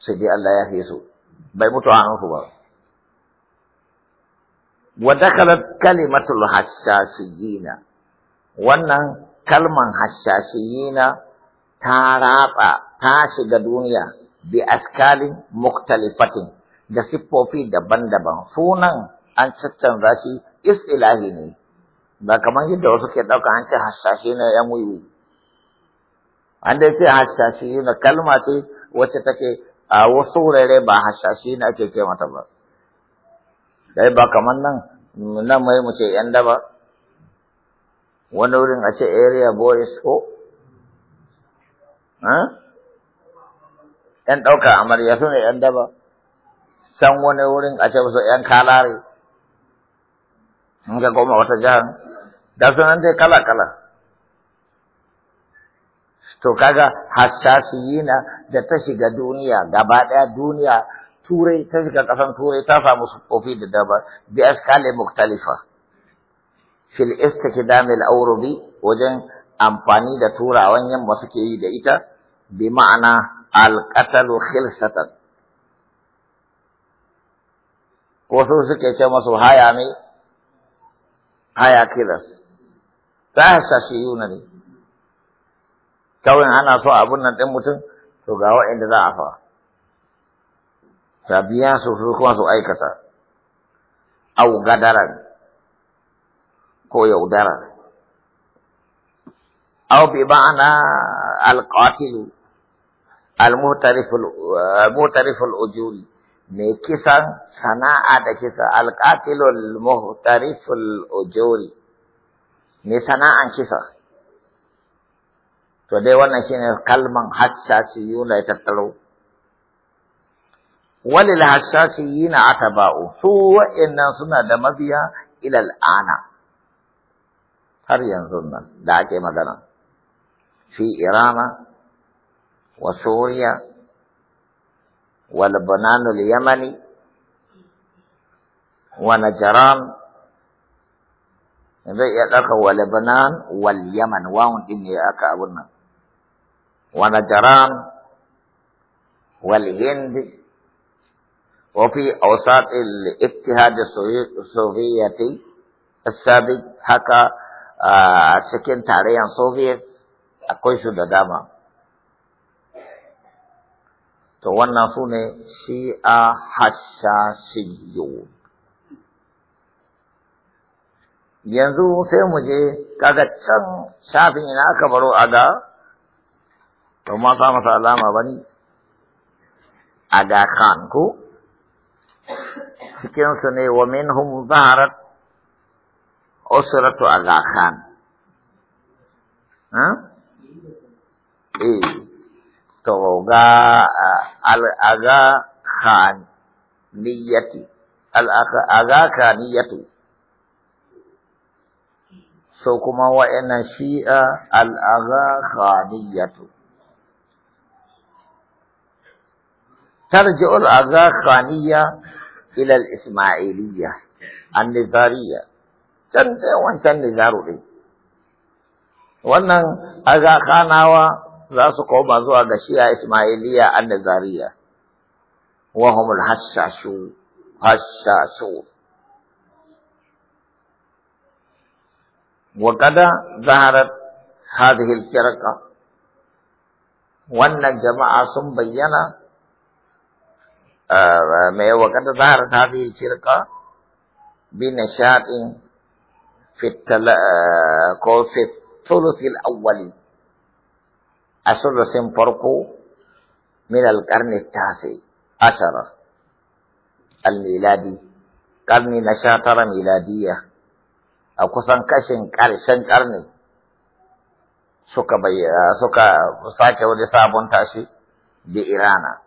sai dai Allah ya fi bai mutu a hannunsu ba wa dakala kalimatul hashashiyina wannan kalman hashashiyina ta ratsa ta shiga duniya bi askalin muktalifatin da siffofi daban-daban sunan an caccanza shi is ilahi ne ba kamar yadda wasu ke ɗauka an ce hassashi na ‘yan wiwi. An dai ce hassashi na kalma ce wacce take a wasu wurare ba hassashi na ake ce mata ba. Dai ba kamar nan, nan mai mu ce ‘yan daba, wani wurin a ce area boys ko? ‘Yan ɗauka amarya su ne ‘yan daba, san wani wurin a ce musu ‘yan kalare, in ka koma wata jihar. da sunan dai kala-kala to kaga hassasiyina da ta shiga duniya gaba duniya turai ta shiga ƙasan turai ta samu sufofi da daba bi askale muktalifa fil istikdam al awrubi wajen amfani da turawan yamma suke yi da ita bi ma'ana al qatl khilsatan ko su suke ce masu haya mai haya kilas ta yuna ne Kawin ana so abun nanti ɗin so gawa enda da afa. a so ta biya su su kuma su aikata au gadaran ko ya yaudara au bi ba'ana al Al muhtariful ma'ana alqatilu المعترف المعترف الأجوري مي كسا صناعة كسا al muhtariful ujuri. mai sana'an kisa to dai wannan shine kalman hassasiyuna ya tattaro walil hassasiyina ataba'u su wa'annan suna da mabiya ila al'ana har yanzu nan da ake magana fi irana wa suriya wa al yamani wa najran zai iya ɗauka wa Lebanon wal Yaman wawun ɗin ne aka abun nan. Wa Najaran wal Hind wa fi awsat al-ittihad Sovieti السابق haka a cikin tarayyar Soviet akwai su da dama. To wannan su ne shi'a hashashiyyun. yanzu sai mu je kaga can shafin ina aka baro a ga to ma sa masa alama bane a ga kan ko cikin su ne wa minhum zaharat usratu aga khan ha eh to ga al aga khan niyyati al aga khaniyatu و ان شيء الأغا خانية ترجع الأغا خانية إلى الإسماعيلية النزارية تنزع وانت النزار لي وانا أغا خانا وراس قوم أزوى الشيعة إسماعيلية النزارية وهم الحشاشون حشاشون وقد ظهرت هذه الفرقة وأن الجماعة ثم بينا آه، وقد ظهرت هذه الفرقة بنشاط في التل... آه، في الثلث الأول الثلث فرق من القرن التاسع عشر الميلادي قرن نشاطر ميلادية a kusan kashin ƙarshen ƙarni suka suka sake wani sabon tashi da Irana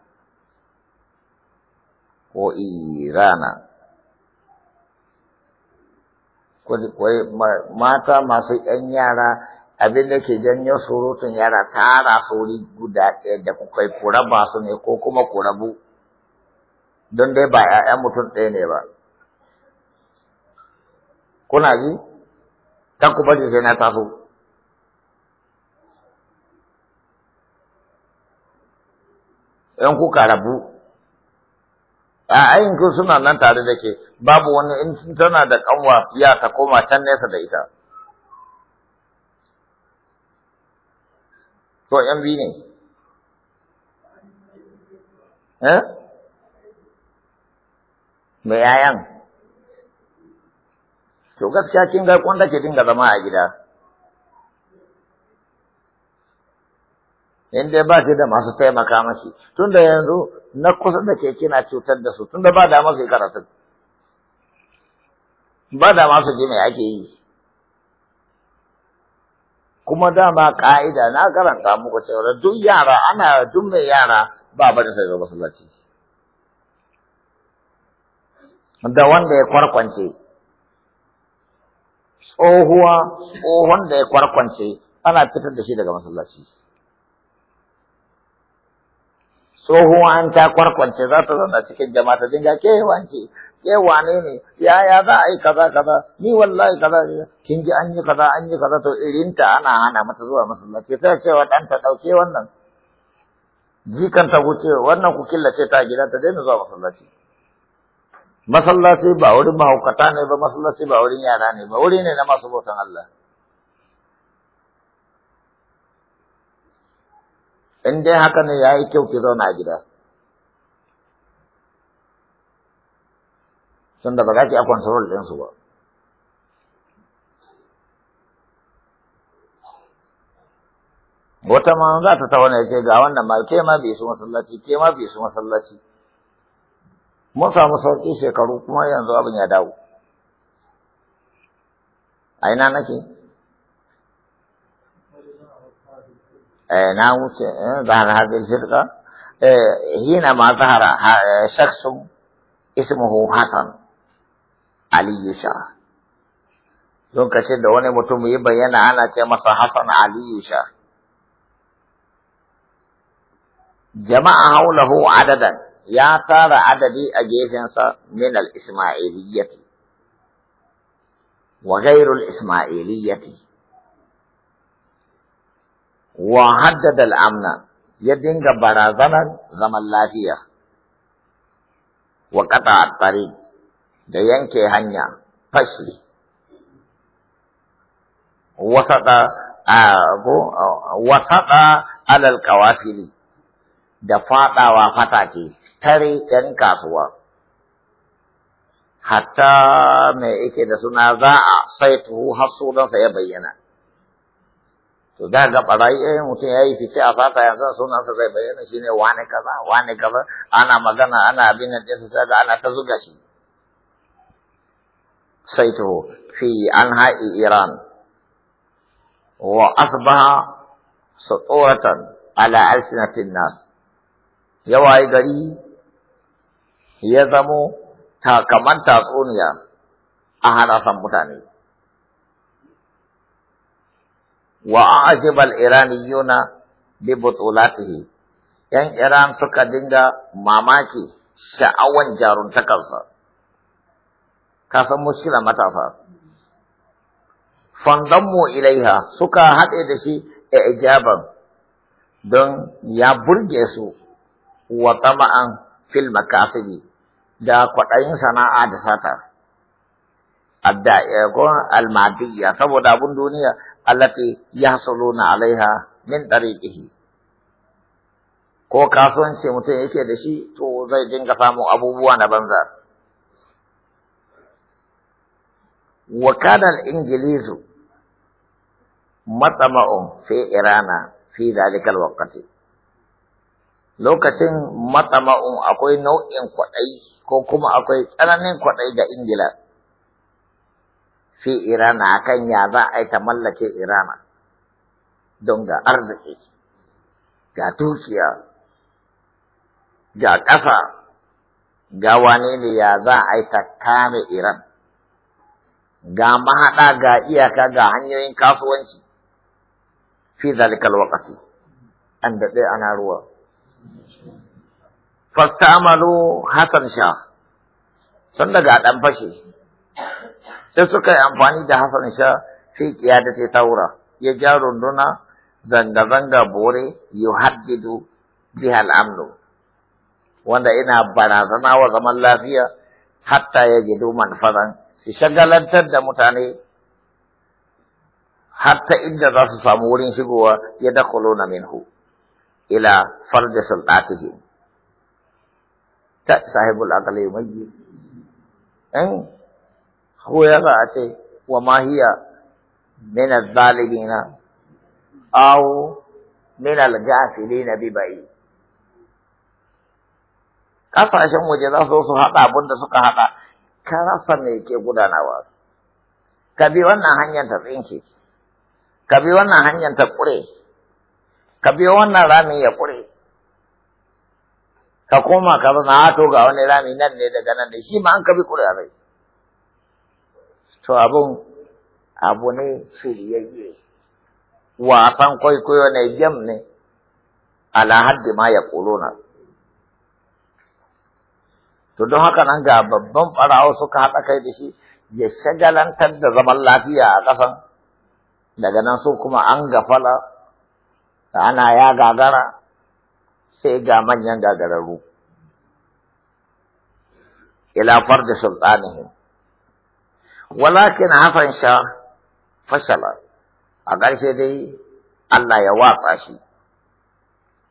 ko Irana mata masu ‘yan yara abin da ke janyo surutun yara tara sauri guda ɗaya da kuka kura ku raba ne ko kuma ku rabu don dai ba ‘ya'yan mutum ɗaya ne ba. kuna ji kan ku bari sai na taso yan ku rabu a ayin ku suna nan tare da ke babu wani in tana da kanwa ya ta koma can nesa da ita to yan bi ne eh mai yayan To gaskiya kin ga kwanda ke dinga zama a gida. in ba shi da masu taimaka mashi tunda yanzu na kusa da ke kina cutar da su tunda ba da masu karatu ba da masu ji mai ake yi kuma dama ka'ida na karanta muku cewa duk yara ana duk mai yara ba ba sai sai masallaci da wanda ya kwarkwance tsohuwa tsohon da ya kwarkwance ana fitar da shi daga masallaci tsohuwa an ta kwarkwance za ta zauna cikin jama'a ta dinga ke wance ke wane ne ya ya za a yi kaza kaza ni wallahi kaza kin ji an yi kaza an yi kaza to irinta ana hana mata zuwa masallaci sai cewa dan ta dauke wannan jikan ta wuce wannan ku killace ta gida ta daina zuwa masallaci masallaci ba wurin mahaukata ne ba masallaci ba wurin yara ne ba wuri ne na masu bautan Allah in dai haka ne ya yi kyau ki zauna a gida da ba za ki a control ɗinsu ba wata ma za ta ta wani ya ce ga wannan ma ke ma bai su masallaci ke ma bai su masallaci mun samu sauƙi shekaru kuma yanzu abin ya dawo a ina nake eh, na wuce eh, zahar hadil shirka eh hina ma zahara eh, shaksun ismuhu hasan aliyu sha lokacin da wani mutum ya bayyana ana ce masa hassan aliyu sha jama'a haulahu adadan يا ترى عددي أجيزنسا من الإسماعيلية وغير الإسماعيلية وعدد الأمن يدين برازنا زم الله فيه وقطع الطريق دينكي هنيا فشي وسط آه وسط على الكوافلين da fadawa fataki tare ‘yan kasuwa. Hatta mai yake da suna za a saituhu har sunansa ya bayyana. To da ga barayi eh mutum ya yi fice a fata yanzu sunansa zai bayyana shi ne wani kaza wani kaza ana magana ana abin da su sai ana ta zuga shi. Saituhu fi ha'i Iran wa asbaha suturatan ala alsinatin nas ya waye gari ya zamo takaman tatsuniya a harafan mutane wa ajibal iraniyuna bi butulatihi yan iran suka dinga mamaki sha'awan jaruntakarsa ka san mushkila matasa fandammu ilaiha suka haɗe da shi a ijaban don ya burge su wa tama'an fil makasibi da kwaɗayin sana'a da sata adda eh, ko almadiyya saboda abun duniya allati yahsuluna alaiha min tariqihi ko kasuwanci mutum yake da shi to zai dinga samun abubuwa na banza. Wakanar Ingilizu matama'un fi Irana fi zalikal waqti lokacin matsama'un akwai nau'in kwaɗayi ko kuma akwai tsananin kwaɗayi ga Ingila fi Irana akan ya za a yi ta mallake Irana don ga arziki, ga dukiya, ga ƙasa, ga wane ne ya za a yi ta kame Iran, ga mahaɗa ga iyaka ga hanyoyin kasuwanci fi zalikal waƙafi, an daɗe ana ruwa. fastamalu Hassan Shah sun daga dan fashe sai suka yi amfani da Hassan Shah fi qiyadati Taura ya ja runduna zanga-zanga bore yuhaddidu biha al-amnu wanda ina barazana wa zaman lafiya hatta ya gidu manfaran su shagalantar da mutane hatta inda za su samu wurin shigowa ya dakulo na minhu ila farda sultatihim Tak sahibul akali majlis Eng, ko ya ase, wamahiya? wa ma hiya min az-zalimina aw min al-ghafilina bi ba'i kasashen waje za su su haɗa abin da suka haɗa ka rasa me ke gudanawa ka bi wannan hanyar ta tsinke ka bi wannan hanyar ta ƙure ka bi wannan ramin ya ƙure ka koma ka zana ah, to ga wani rami nan ne daga nan ne shi ma an kabi ƙuri'a rai to abun abu ne shiryayye wasan kwaikwayo ne jam ne ala haddi ma ya na. to don haka nan ga babban farawo suka haɗa kai da shi ya shagalantar da zaman lafiya a ƙasan daga nan su kuma an gafala ana ya gagara sai ga manyan gagararru ila farda sultanihim walakin hafan sha fashala a ƙarshe dai Allah ya watsa shi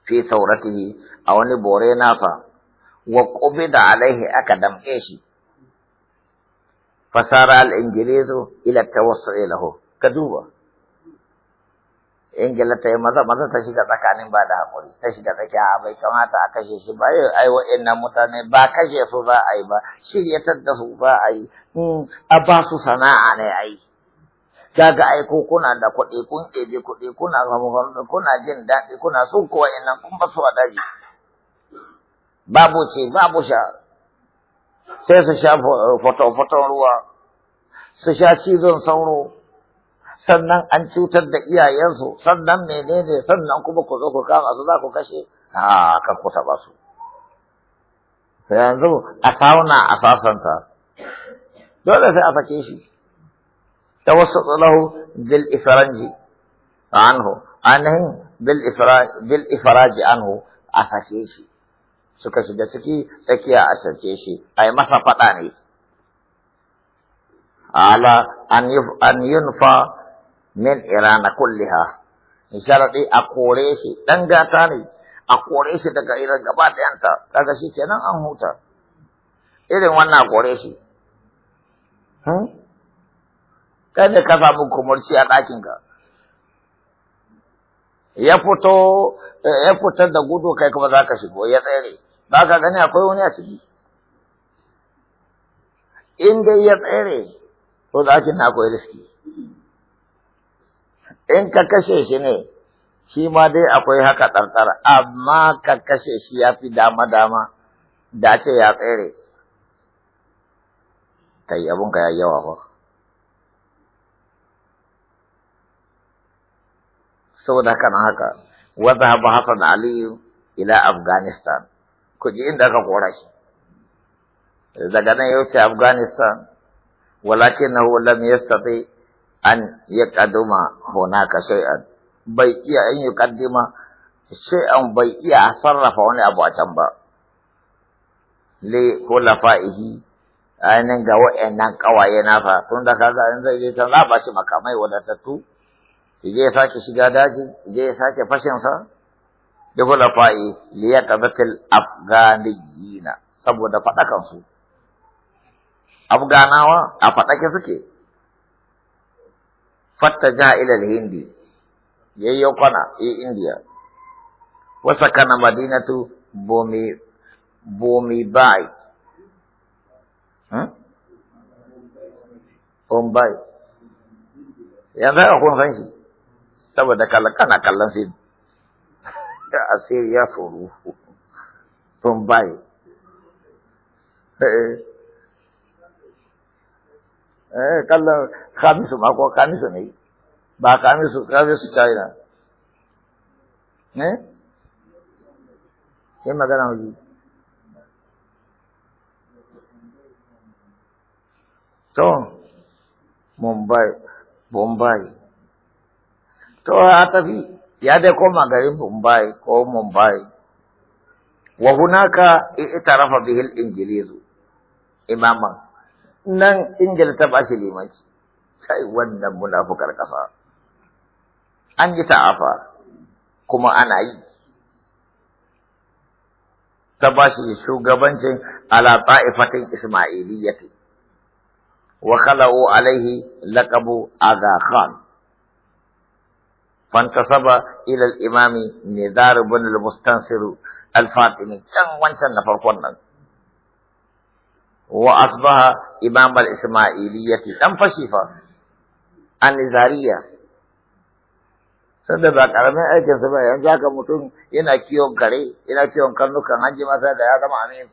fi sauratihi a wani bore nasa wa da alaihi aka damƙe shi fasara al-ingilizu ila tawassu lahu ka duba ingila ta yi maza maza ta shiga tsakanin ba da haƙuri ta shiga ta kya bai kamata a kashe shi ba yau ai wa'annan mutane ba kashe su za a yi ba shiryatar da su ba a yi hmm, a ba su sana'a ne a yi kaga ai ko kuna da kuɗi kun ɗebe kuɗi kuna zama-zama, kuna jin daɗi kuna sun kowa ina, kun ba su babu ce babu sha sai su sha fatan-fatan ruwa su sha cizon sauro sannan an cutar da iyayensu sannan menene sannan kuma ku zo ku kama su za ku kashe a kan ku taba su yanzu a sauna a sasanta dole sai a sake shi ta wasu tsalahu bil ifranji anhu anahin bil ifraji anhu a sake shi suka shiga ciki tsakiya a sake shi a yi masa faɗa ne ala an yunfa min irana kulliha sharadi a kore shi dan gata ne a kore shi daga irin gaba ɗayanta daga shi kenan an huta irin wannan kore shi hmm? kai ne ka samu kumurci a ɗakinka ya fito eh, ya fitar da gudu kai kuma za ka shigo ya tsere ba ka gani akwai wani a ciki in dai ya tsere to ɗakin na akwai riski in ka kashe shi ne shi ma dai akwai haka tsartsar amma ka kashe shi ya fi dama-dama da ce ya tsere kai abunka ya yawa ba sau da kan haka wadda ba Hassan Aliyu ila Afghanistan ku ji inda ka kora shi daga nan yau ce Afghanistan wula mai yasta an ya kaduma hunaka shay'an bai iya an ya kaddima shay'an bai iya sarrafa wani abu a can ba li fa'ihi ainihin ga wa'annan kawaye nasa tun da kaga in zai je can zaba shi makamai wadatattu ya je ya sake shiga daji ya je ya sake fashinsa da fa'i li tabatil afganiyina saboda fadakan su afganawa a fadake suke fatta ja ilal hindi yayyo kwana e india wasa kana madinatu bomi bomi bai hmm? bai yanzu haka kun san shi saboda kallon kana kallon sai da asiri ya furu-furu Bombay eh eh kallon khamisu ba ko khamisu ne ba khamisu khamisu china eh sai magana wajen to mumbai bombay to a ah, tafi ya dai ko magari mumbai ko mumbai wa hunaka i'tarafa bihi al-ingilizu imaman nan ingila ta bashi limanci kai wannan munafukar ƙasa an yi ta'afa kuma ana yi ta bashi shugabancin ala ta'ifatin ismailiyyati wa khala'u alaihi laqabu aga khan fantasaba ila al-imami nidar ibn al-mustansir al-fatimi can wancan na farkon nan wa asbaha imam al-ismailiyyati dan fashifa an zariya sanda ba karamin aikin sa ba yanzu haka mutum yana kiwon kare yana kiwon karnukan hanji masa da ya zama amin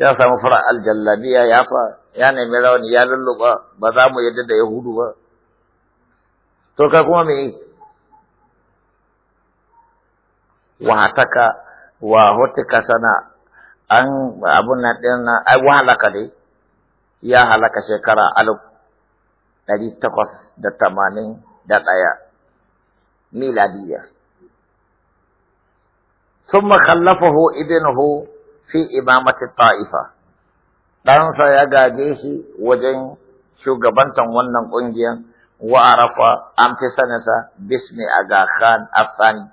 ya samu fara aljallabiya ya fa ya nemi rawani ya lulluba ba za mu yadda da yahudu ba to ka kuma me wa hataka wa hotika sana an abun na ɗin na aiwa halaka ya halaka shekara alif ɗari takwas da tamanin da ɗaya miladiya. makallafa خلفه ابنه fi إمامة ta'ifa. ɗansa ya gaje shi wajen shugabantan wannan ƙungiyar wa arafa an fi sanarsa bismi aga khan afsani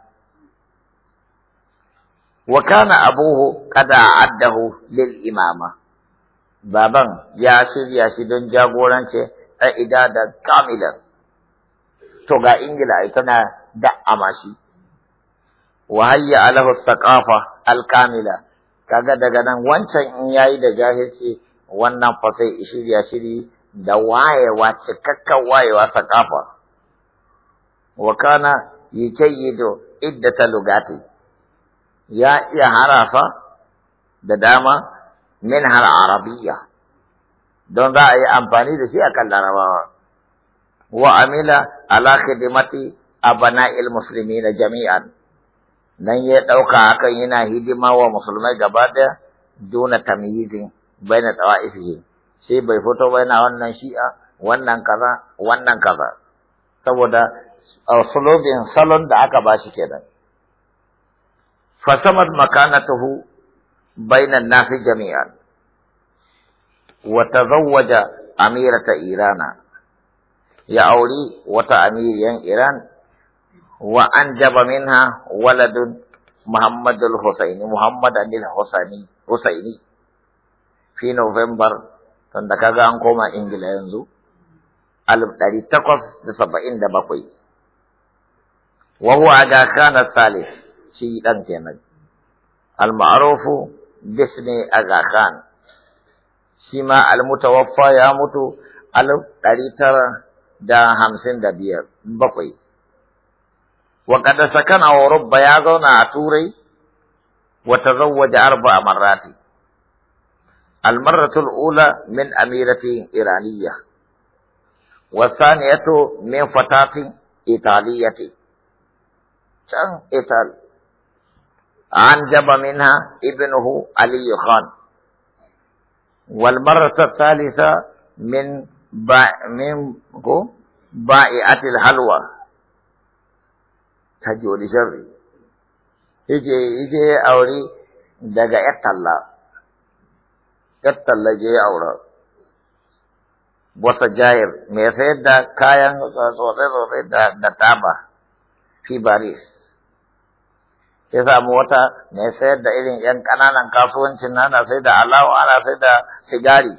wa kana abuhu kada addahu lil imama baban ya shirya shi don jagorance a ida da kamilan to ga ingila ai tana da amashi wa hayya alahu thaqafa al kamila kaga daga nan wancan in yayi da jahilci wannan fa sai shirya shiri da wayewa cikakken wayewa thaqafa wa kana yukayyidu iddata lugati ya iya harafa da dama min har arabiya don za a yi amfani da shi a kan larabawa wa amila ala khidmati muslimi na jami'an nan ya ɗauka hakan yana hidima wa musulmai gaba ɗaya duna tamyizin baina tsawa'ifihi shi bai fito na wannan shi'a wannan kaza wannan kaza saboda uh, a salon da aka bashi kenan fasamat makanatuhu bainan nasi jami'an wa tazawwaja amirata irana ya auri wata amiriyan iran wa anjaba minha waladun محمد الحسيني محمد علي الحسيني حسيني في نوفمبر tunda kaga an koma Ingila yanzu alif ɗari takwas da saba'in da bakwai wa huwa ga kana salis shi ɗan kenan المعروف باسم bismi خان khan shi ma متو mutawaffa ya mutu alif ɗari tara da hamsin da biyar bakwai وقد سكن أوروبا يعظون أتوري وتزوج أربع مرات المرة الأولى من أميرة إيرانية والثانية من فتاة إيطالية كان إيطالية أنجب منها ابنه علي خان والمرة الثالثة من بائعة الحلوى تجول شري يجي يجي أوري دقا يتطلع يتطلع جي أورا wata جاير ميسيد دا كايان kayan sosai دا da في باريس ya samu wata mai sayar da irin yan kananan kasuwancin nana sai da alawa ana sai da sigari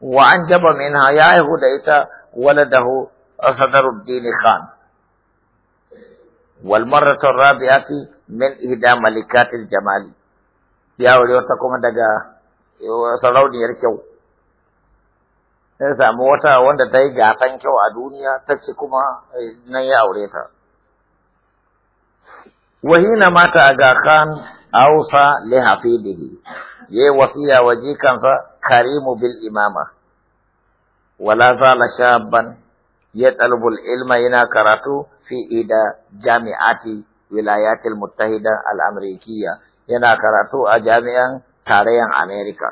wa an jaba min ha ya haihu da ita kan. Walmar khan wal marratu rabi'ati min ihda malikatil jamali ya aure wata kuma daga eh, sarauniyar kyau sai samu wata wanda ta yi gasan kyau a duniya ta ce kuma eh, nan ya aure ta وهنا مات أجا خان أوصى لحفيده يا وصية وجيكا كريم بالإمامة ولا زال شابا يطلب العلم هنا كراتو في إيدا جامعات الولايات المتحدة الأمريكية هنا كراتو أجامع تاريخ أمريكا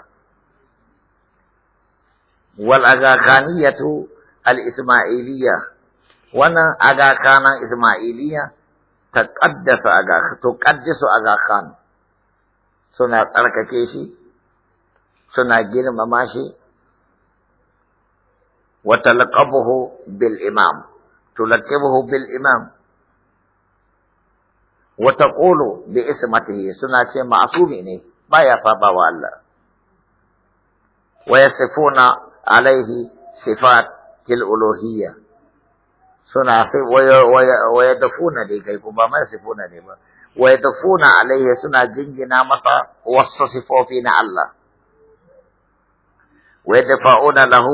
والأغاخانية الإسماعيلية وانا أغاخانا إسماعيلية تقدس أغاخ تقدس أغاخان سنة ترك كيشي سنة جير ماشي وتلقبه بالإمام تلقبه بالإمام وتقول باسمته سنة معصومين ما يصاب والا ويصفون عليه صفات الألوهية صنع ويدفون لي كيف ما يصفون لي ويدفون عليه صنع جنجي نامصا وصصفوا فينا الله ويدفعون له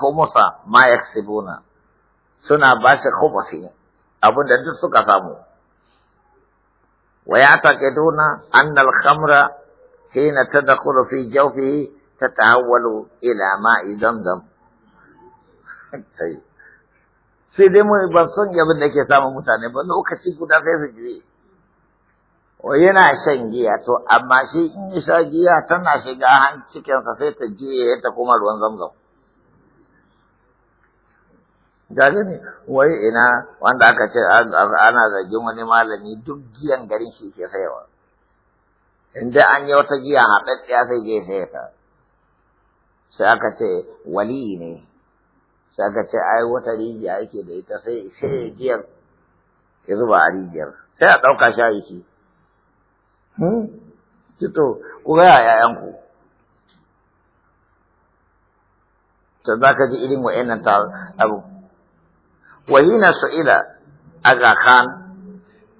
خمصا ما يكسبون صنع باش خمصي أبو ندرس كسامو ويعتقدون أن الخمر حين تدخل في جوفه تتحول إلى ماء زمزم طيب sai dai mu ban son abin da ke samun mutane ba lokaci guda sai su je yana shan giya to amma shi in ya sha giya tana shiga han sa sai ta je ta koma ruwan zamzam gane ne wai ina wanda aka ce ana zargin wani malami duk giyan garin shi ke sayawa inda an yi wata giya haɗaɗɗiya sai je sai ta sai aka ce wali ne sai aka ce ai wata rijiya yake da ita sai sai giyar ya zuba a rijiyar sai a ɗauka shayi shi Tito, hmm? ku ya ‘ya'yanku, ta za ka ji irin wa'yannan ta abu. Wahina su'ila a zakan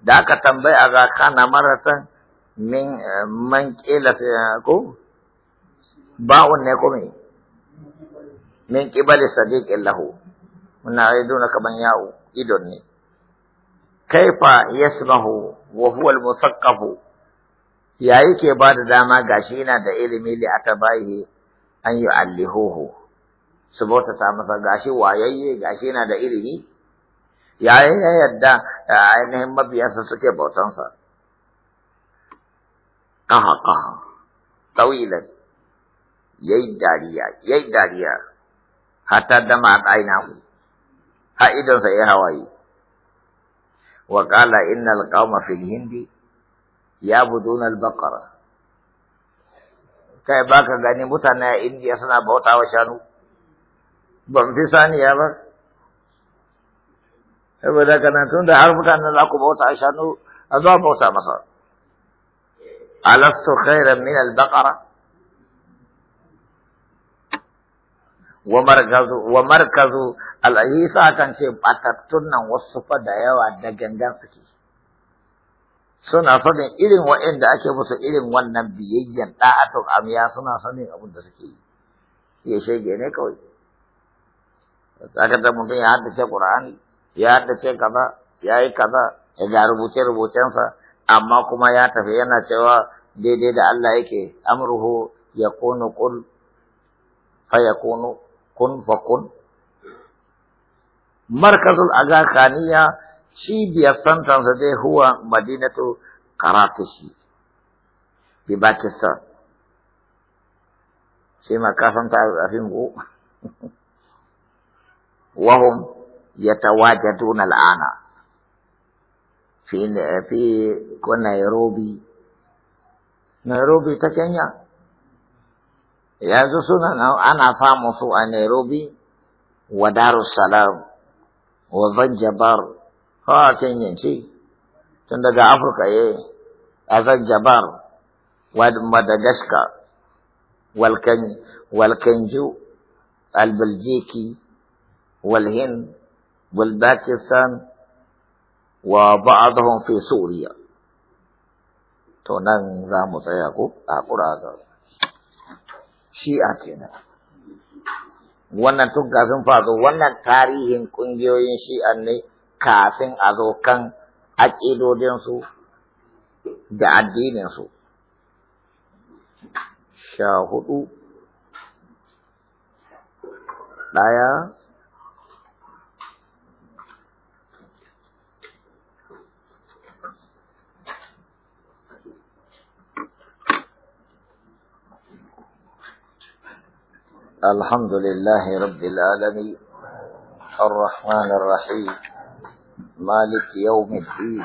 da aka tambayi a zakan na maratan min eh, man ƙila ko? Ba'un ne ko me? min qibali sadiqin lahu muna aiduna kaman ya'u idon ne kaifa yasmahu wa huwa al musaqqaf ya ke ba da dama gashi yana da ilimi li atabaihi an yu'allihuhu su bautata masa gashi wayayye gashi yana da ilimi ya ya yadda ainihin mabiyansa suke bautansa kaha kaha tawilan yayi dariya yayi dariya حتى دمعت عيناه إذا في هواي وقال إن القوم في الهند يعبدون البقرة كي باكا غني متنا إندي أصنع بوتا وشانو بمفسان يا بك أبدا كنا تند حرفك أن لأكو بوتا وشانو أضع بوتا مصر ألست خيرا من البقرة wa markazu wa kan ce batattun nan wasu fa da yawa da gangan suke suna sanin irin wa'inda ake musu irin wannan biyayyen da'atul amiya suna sanin abin da suke yi ya shege ne kawai zaka mutum ya haddace qur'ani ya haddace kaza ya yi kaza ya ga rubuce rubucensa amma kuma ya tafi yana cewa daidai da Allah yake amruhu yakunu qul fayakunu kun fa kun markazul agakhaniya cibiyar santansa dai huwa madinatu karatishi bi pakistan shi ma kafin ta zafin go wahum yatawajaduna al'ana fi fi ko nairobi nairobi ta kenya yanzu suna ana samun su a Nairobi wa Darussalam wa Zanjabar ha can yanci tun daga Afirka ye a Zanjabar wa Madagascar والكن والكنجو البلجيكي والهند والباكستان وبعضهم في سوريا تونان زامو تياكو أقرأ shi'a kenan wannan tun kafin fazo wannan tarihin ƙungiyoyin Shi'a ne kafin a zo kan aƙidodinsu da addininsu sha hudu ɗaya الحمد لله رب العالمين الرحمن الرحيم مالك يوم الدين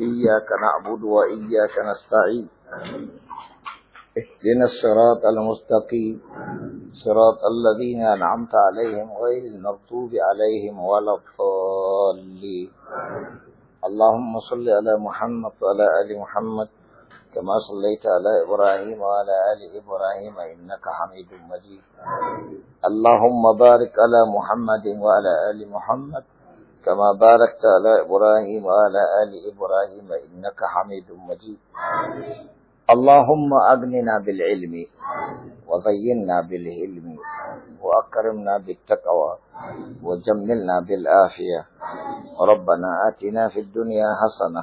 إياك نعبد وإياك نستعين اهدنا الصراط المستقيم صراط الذين أنعمت عليهم غير المغضوب عليهم ولا الضالين اللهم صل على محمد وعلى آل محمد كما صليت على إبراهيم وعلى آل إبراهيم إنك حميد مجيد اللهم بارك على محمد وعلى آل محمد كما باركت على إبراهيم وعلى آل إبراهيم إنك حميد مجيد اللهم أغننا بالعلم وزينا بالعلم وأكرمنا بالتقوى وجملنا بالآفية ربنا آتنا في الدنيا حسنة